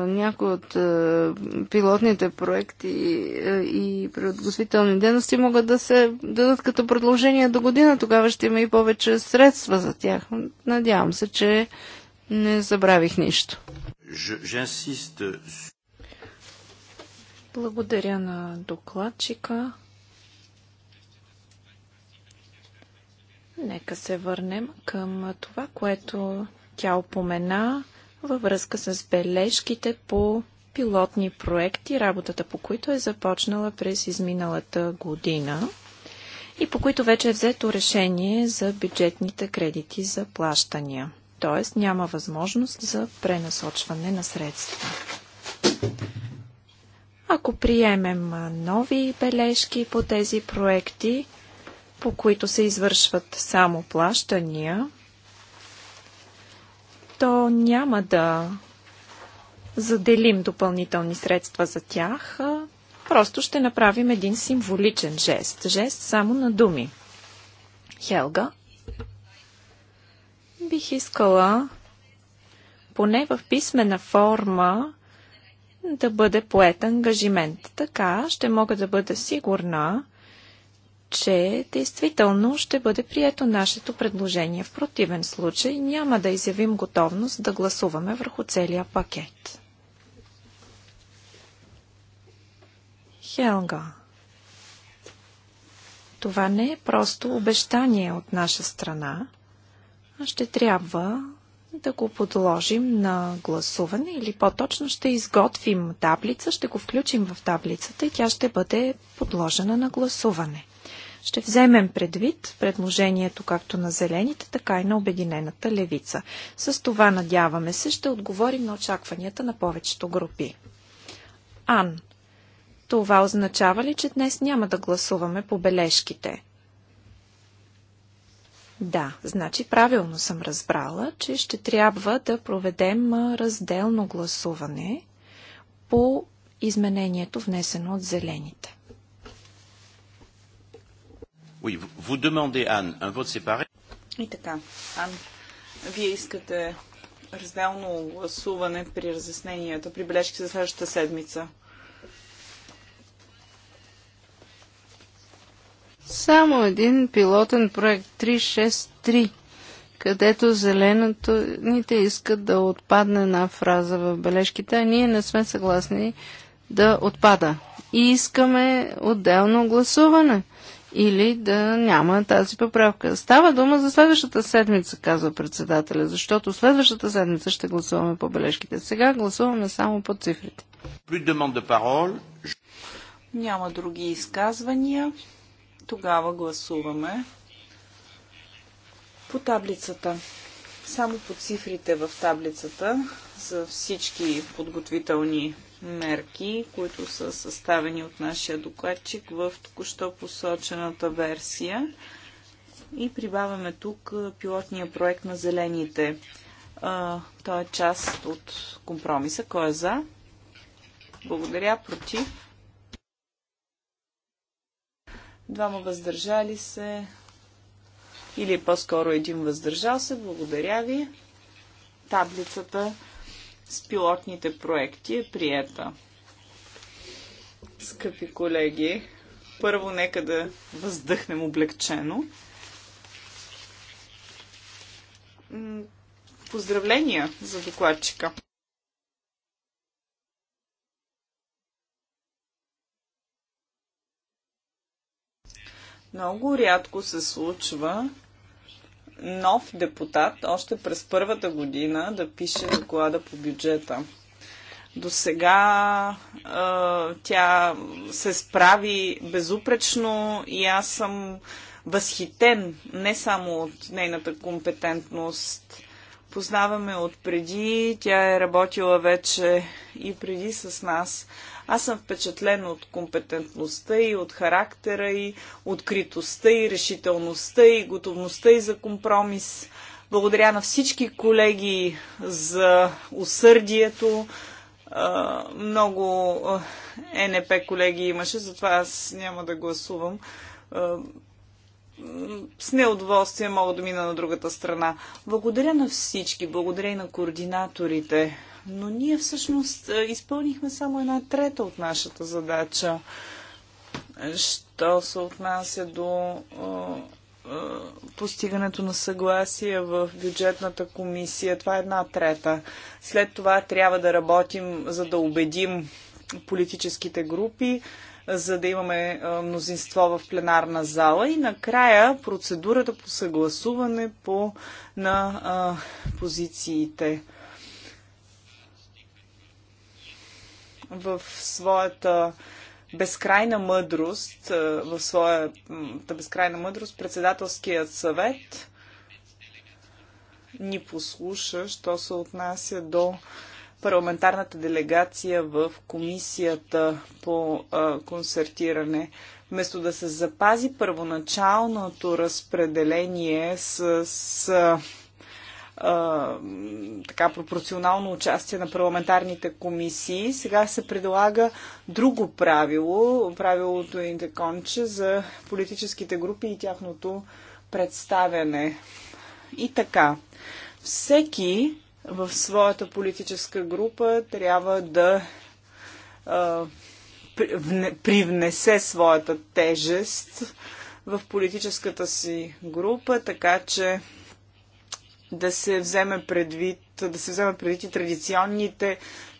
някои от е, пилотните проекти е, и предготвителни дейности могат да се дадат като предложение до година. Тогава ще има и повече средства за тях. Надявам се, че не забравих нищо. Благодаря на докладчика. Нека се върнем към това, което тя опомена във връзка с бележките по пилотни проекти, работата по които е започнала през изминалата година и по които вече е взето решение за бюджетните кредити за плащания. Тоест няма възможност за пренасочване на средства. Ако приемем нови бележки по тези проекти, по които се извършват само плащания, то няма да заделим допълнителни средства за тях. Просто ще направим един символичен жест. Жест само на думи. Хелга, бих искала поне в писмена форма да бъде поет ангажимент. Така ще мога да бъда сигурна, че действително ще бъде прието нашето предложение. В противен случай няма да изявим готовност да гласуваме върху целия пакет. Хелга. Това не е просто обещание от наша страна, а ще трябва да го подложим на гласуване или по-точно ще изготвим таблица, ще го включим в таблицата и тя ще бъде подложена на гласуване. Ще вземем предвид предложението както на зелените, така и на обединената левица. С това, надяваме се, ще отговорим на очакванията на повечето групи. Ан, това означава ли, че днес няма да гласуваме по бележките? Да, значи правилно съм разбрала, че ще трябва да проведем разделно гласуване по изменението, внесено от зелените. Oui, vous demandez, Anne, un vote séparé. И така, Ан, вие искате разделно гласуване при разясненията, при бележки за следващата седмица. Само един пилотен проект 363, където зеленото ните искат да отпадне една фраза в бележките, а ние не сме съгласни да отпада. И искаме отделно гласуване – или да няма тази поправка. Става дума за следващата седмица, казва председателя, защото следващата седмица ще гласуваме по бележките. Сега гласуваме само по цифрите. Няма други изказвания. Тогава гласуваме по таблицата. Само по цифрите в таблицата за всички подготвителни мерки, които са съставени от нашия докладчик в току-що посочената версия. И прибавяме тук пилотния проект на зелените. А, той е част от компромиса. Кой е за? Благодаря. Против? Двама въздържали се или по-скоро един въздържал се. Благодаря ви. Таблицата с пилотните проекти е приета. Скъпи колеги, първо нека да въздъхнем облегчено. Поздравления за докладчика. Много рядко се случва нов депутат още през първата година да пише доклада по бюджета. До сега е, тя се справи безупречно и аз съм възхитен не само от нейната компетентност. Познаваме от преди, тя е работила вече и преди с нас. Аз съм впечатлен от компетентността и от характера и откритостта и решителността и готовността и за компромис. Благодаря на всички колеги за усърдието. Много НП колеги имаше, затова аз няма да гласувам с неудоволствие мога да мина на другата страна. Благодаря на всички, благодаря и на координаторите но ние всъщност е, изпълнихме само една трета от нашата задача. Що се отнася до е, е, постигането на съгласие в бюджетната комисия. Това е една трета. След това трябва да работим, за да убедим политическите групи, за да имаме мнозинство в пленарна зала и накрая процедурата по съгласуване по, на а, позициите. в своята безкрайна мъдрост, е, в своята безкрайна мъдрост, председателският съвет ни послуша, що се отнася до парламентарната делегация в комисията по е, концертиране. Вместо да се запази първоначалното разпределение с, с така пропорционално участие на парламентарните комисии. Сега се предлага друго правило, правилото Интеконче за политическите групи и тяхното представяне. И така, всеки в своята политическа група трябва да а, привнесе своята тежест в политическата си група, така че да се вземе предвид, да се вземе предвид и традиционните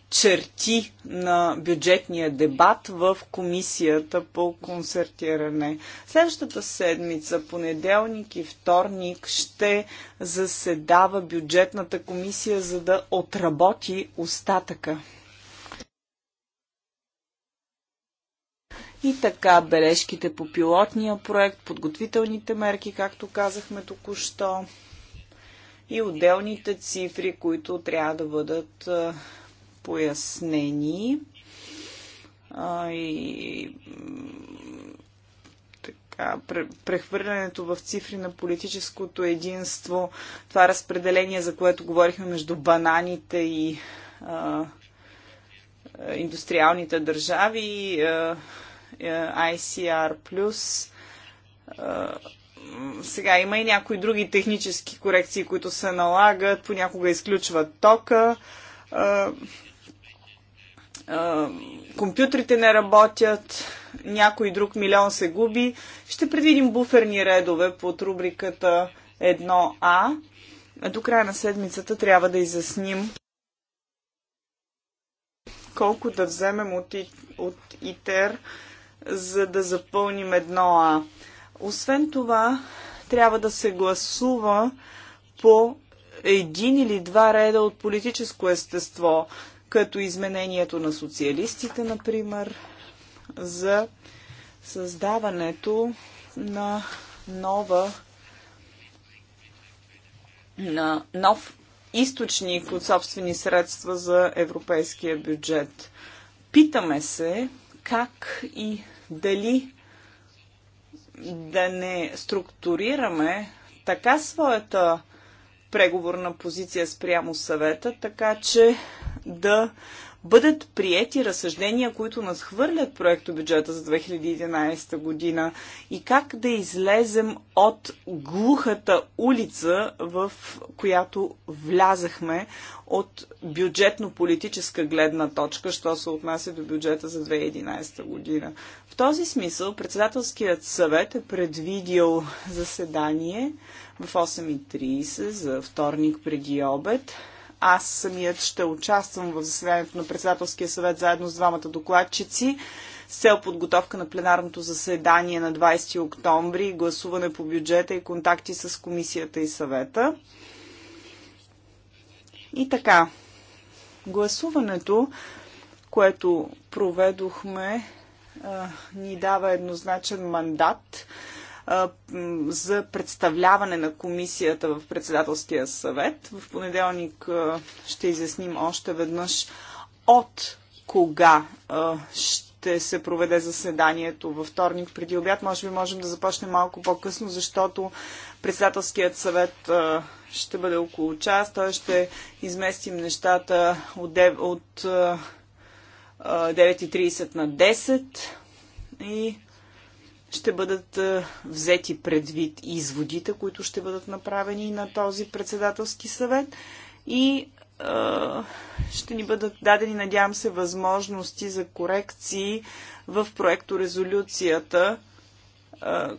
черти на бюджетния дебат в комисията по концертиране. Следващата седмица, понеделник и вторник, ще заседава бюджетната комисия, за да отработи остатъка. И така, бележките по пилотния проект, подготвителните мерки, както казахме току-що и отделните цифри, които трябва да бъдат пояснени. И така, прехвърлянето в цифри на политическото единство, това разпределение, за което говорихме между бананите и а, индустриалните държави, а, ICR+, а, сега има и някои други технически корекции, които се налагат, понякога изключват тока, а, а, компютрите не работят, някой друг милион се губи. Ще предвидим буферни редове под рубриката 1А. До края на седмицата трябва да изясним колко да вземем от, от ИТЕР, за да запълним 1А. Освен това, трябва да се гласува по един или два реда от политическо естество, като изменението на социалистите, например, за създаването на нова на нов източник от собствени средства за европейския бюджет. Питаме се как и дали да не структурираме така своята преговорна позиция спрямо съвета, така че да бъдат приети разсъждения, които надхвърлят проекто бюджета за 2011 година и как да излезем от глухата улица, в която влязахме от бюджетно-политическа гледна точка, що се отнася до бюджета за 2011 година този смисъл председателският съвет е предвидил заседание в 8.30 за вторник преди обед. Аз самият ще участвам в заседанието на председателския съвет заедно с двамата докладчици с цел подготовка на пленарното заседание на 20 октомври, гласуване по бюджета и контакти с комисията и съвета. И така, гласуването, което проведохме ни дава еднозначен мандат за представляване на комисията в председателския съвет. В понеделник ще изясним още веднъж от кога ще се проведе заседанието във вторник преди обяд. Може би можем да започнем малко по-късно, защото председателският съвет ще бъде около час. Той ще изместим нещата от, от 9.30 на 10 и ще бъдат взети предвид изводите, които ще бъдат направени на този председателски съвет и ще ни бъдат дадени, надявам се, възможности за корекции в проекторезолюцията,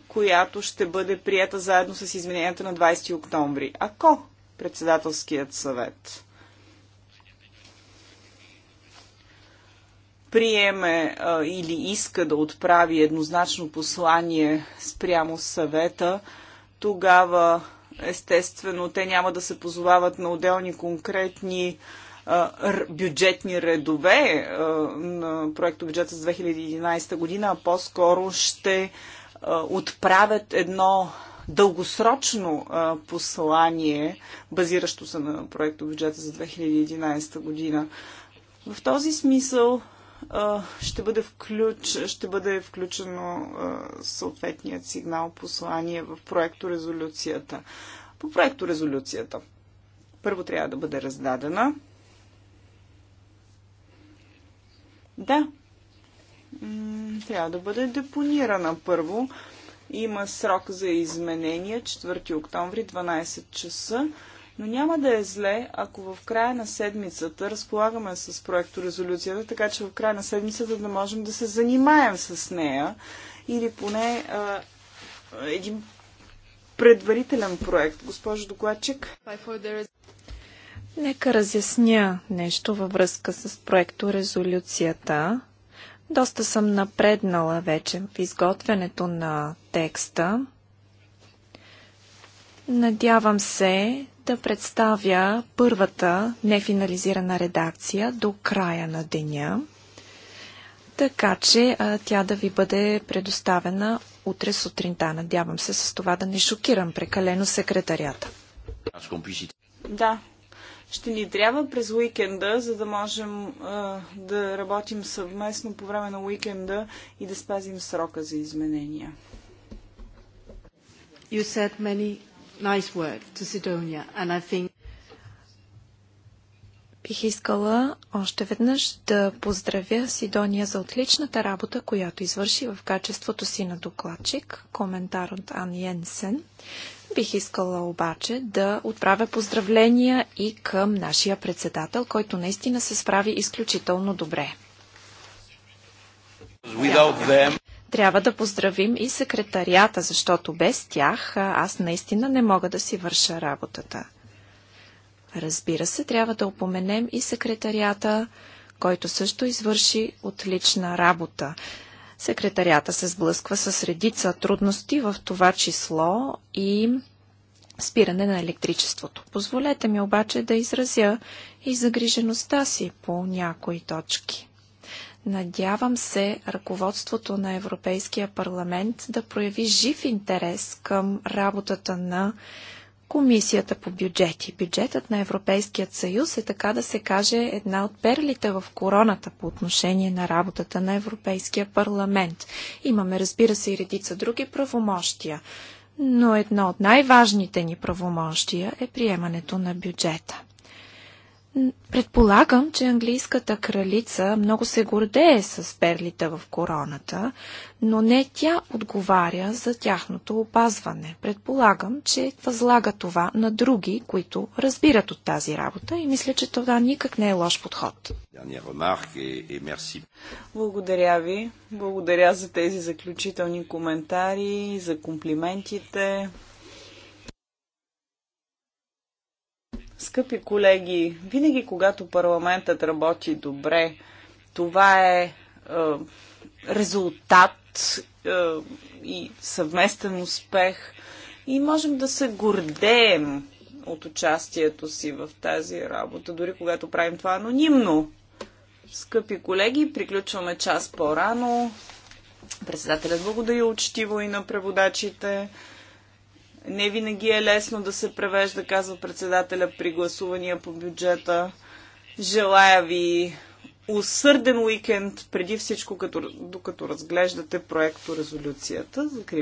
която ще бъде прията заедно с измененията на 20 октомври. Ако председателският съвет приеме а, или иска да отправи еднозначно послание спрямо съвета, тогава естествено те няма да се позовават на отделни конкретни а, бюджетни редове а, на проекто бюджета за 2011 година, а по-скоро ще отправят едно дългосрочно а, послание, базиращо се на проекто бюджета за 2011 година. В този смисъл ще бъде, включ, ще бъде включено съответният сигнал, послание в проекто резолюцията. По проекто резолюцията. Първо трябва да бъде раздадена. Да. Трябва да бъде депонирана първо. Има срок за изменение 4 октомври 12 часа. Но няма да е зле, ако в края на седмицата разполагаме с проекто резолюцията, така че в края на седмицата да можем да се занимаем с нея или поне а, един предварителен проект. Госпожо докладчик. Нека разясня нещо във връзка с проекто резолюцията. Доста съм напреднала вече в изготвянето на текста. Надявам се да представя първата нефинализирана редакция до края на деня, така че а, тя да ви бъде предоставена утре сутринта. Надявам се с това да не шокирам прекалено секретарията. Да, ще ни трябва през уикенда, за да можем а, да работим съвместно по време на уикенда и да спазим срока за изменения. You said many nice work to Sidonia, and I think Бих искала още веднъж да поздравя Сидония за отличната работа, която извърши в качеството си на докладчик, коментар от Ан Йенсен. Бих искала обаче да отправя поздравления и към нашия председател, който наистина се справи изключително добре. yeah. Трябва да поздравим и секретарията, защото без тях аз наистина не мога да си върша работата. Разбира се, трябва да упоменем и секретарията, който също извърши отлична работа. Секретарията се сблъсква с редица трудности в това число и спиране на електричеството. Позволете ми обаче да изразя и загрижеността си по някои точки. Надявам се ръководството на Европейския парламент да прояви жив интерес към работата на Комисията по бюджети. Бюджетът на Европейският съюз е така да се каже една от перлите в короната по отношение на работата на Европейския парламент. Имаме, разбира се, и редица други правомощия, но едно от най-важните ни правомощия е приемането на бюджета. Предполагам, че английската кралица много се гордее с перлите в короната, но не тя отговаря за тяхното опазване. Предполагам, че възлага това на други, които разбират от тази работа и мисля, че това никак не е лош подход. Благодаря ви. Благодаря за тези заключителни коментари, за комплиментите. Скъпи колеги, винаги когато парламентът работи добре, това е, е резултат е, и съвместен успех и можем да се гордеем от участието си в тази работа, дори когато правим това анонимно. Скъпи колеги, приключваме час по-рано. Председателят благодаря учтиво и на преводачите. Не винаги е лесно да се превежда, казва председателя при гласувания по бюджета. Желая ви усърден уикенд, преди всичко като, докато разглеждате проекто резолюцията. Закривам.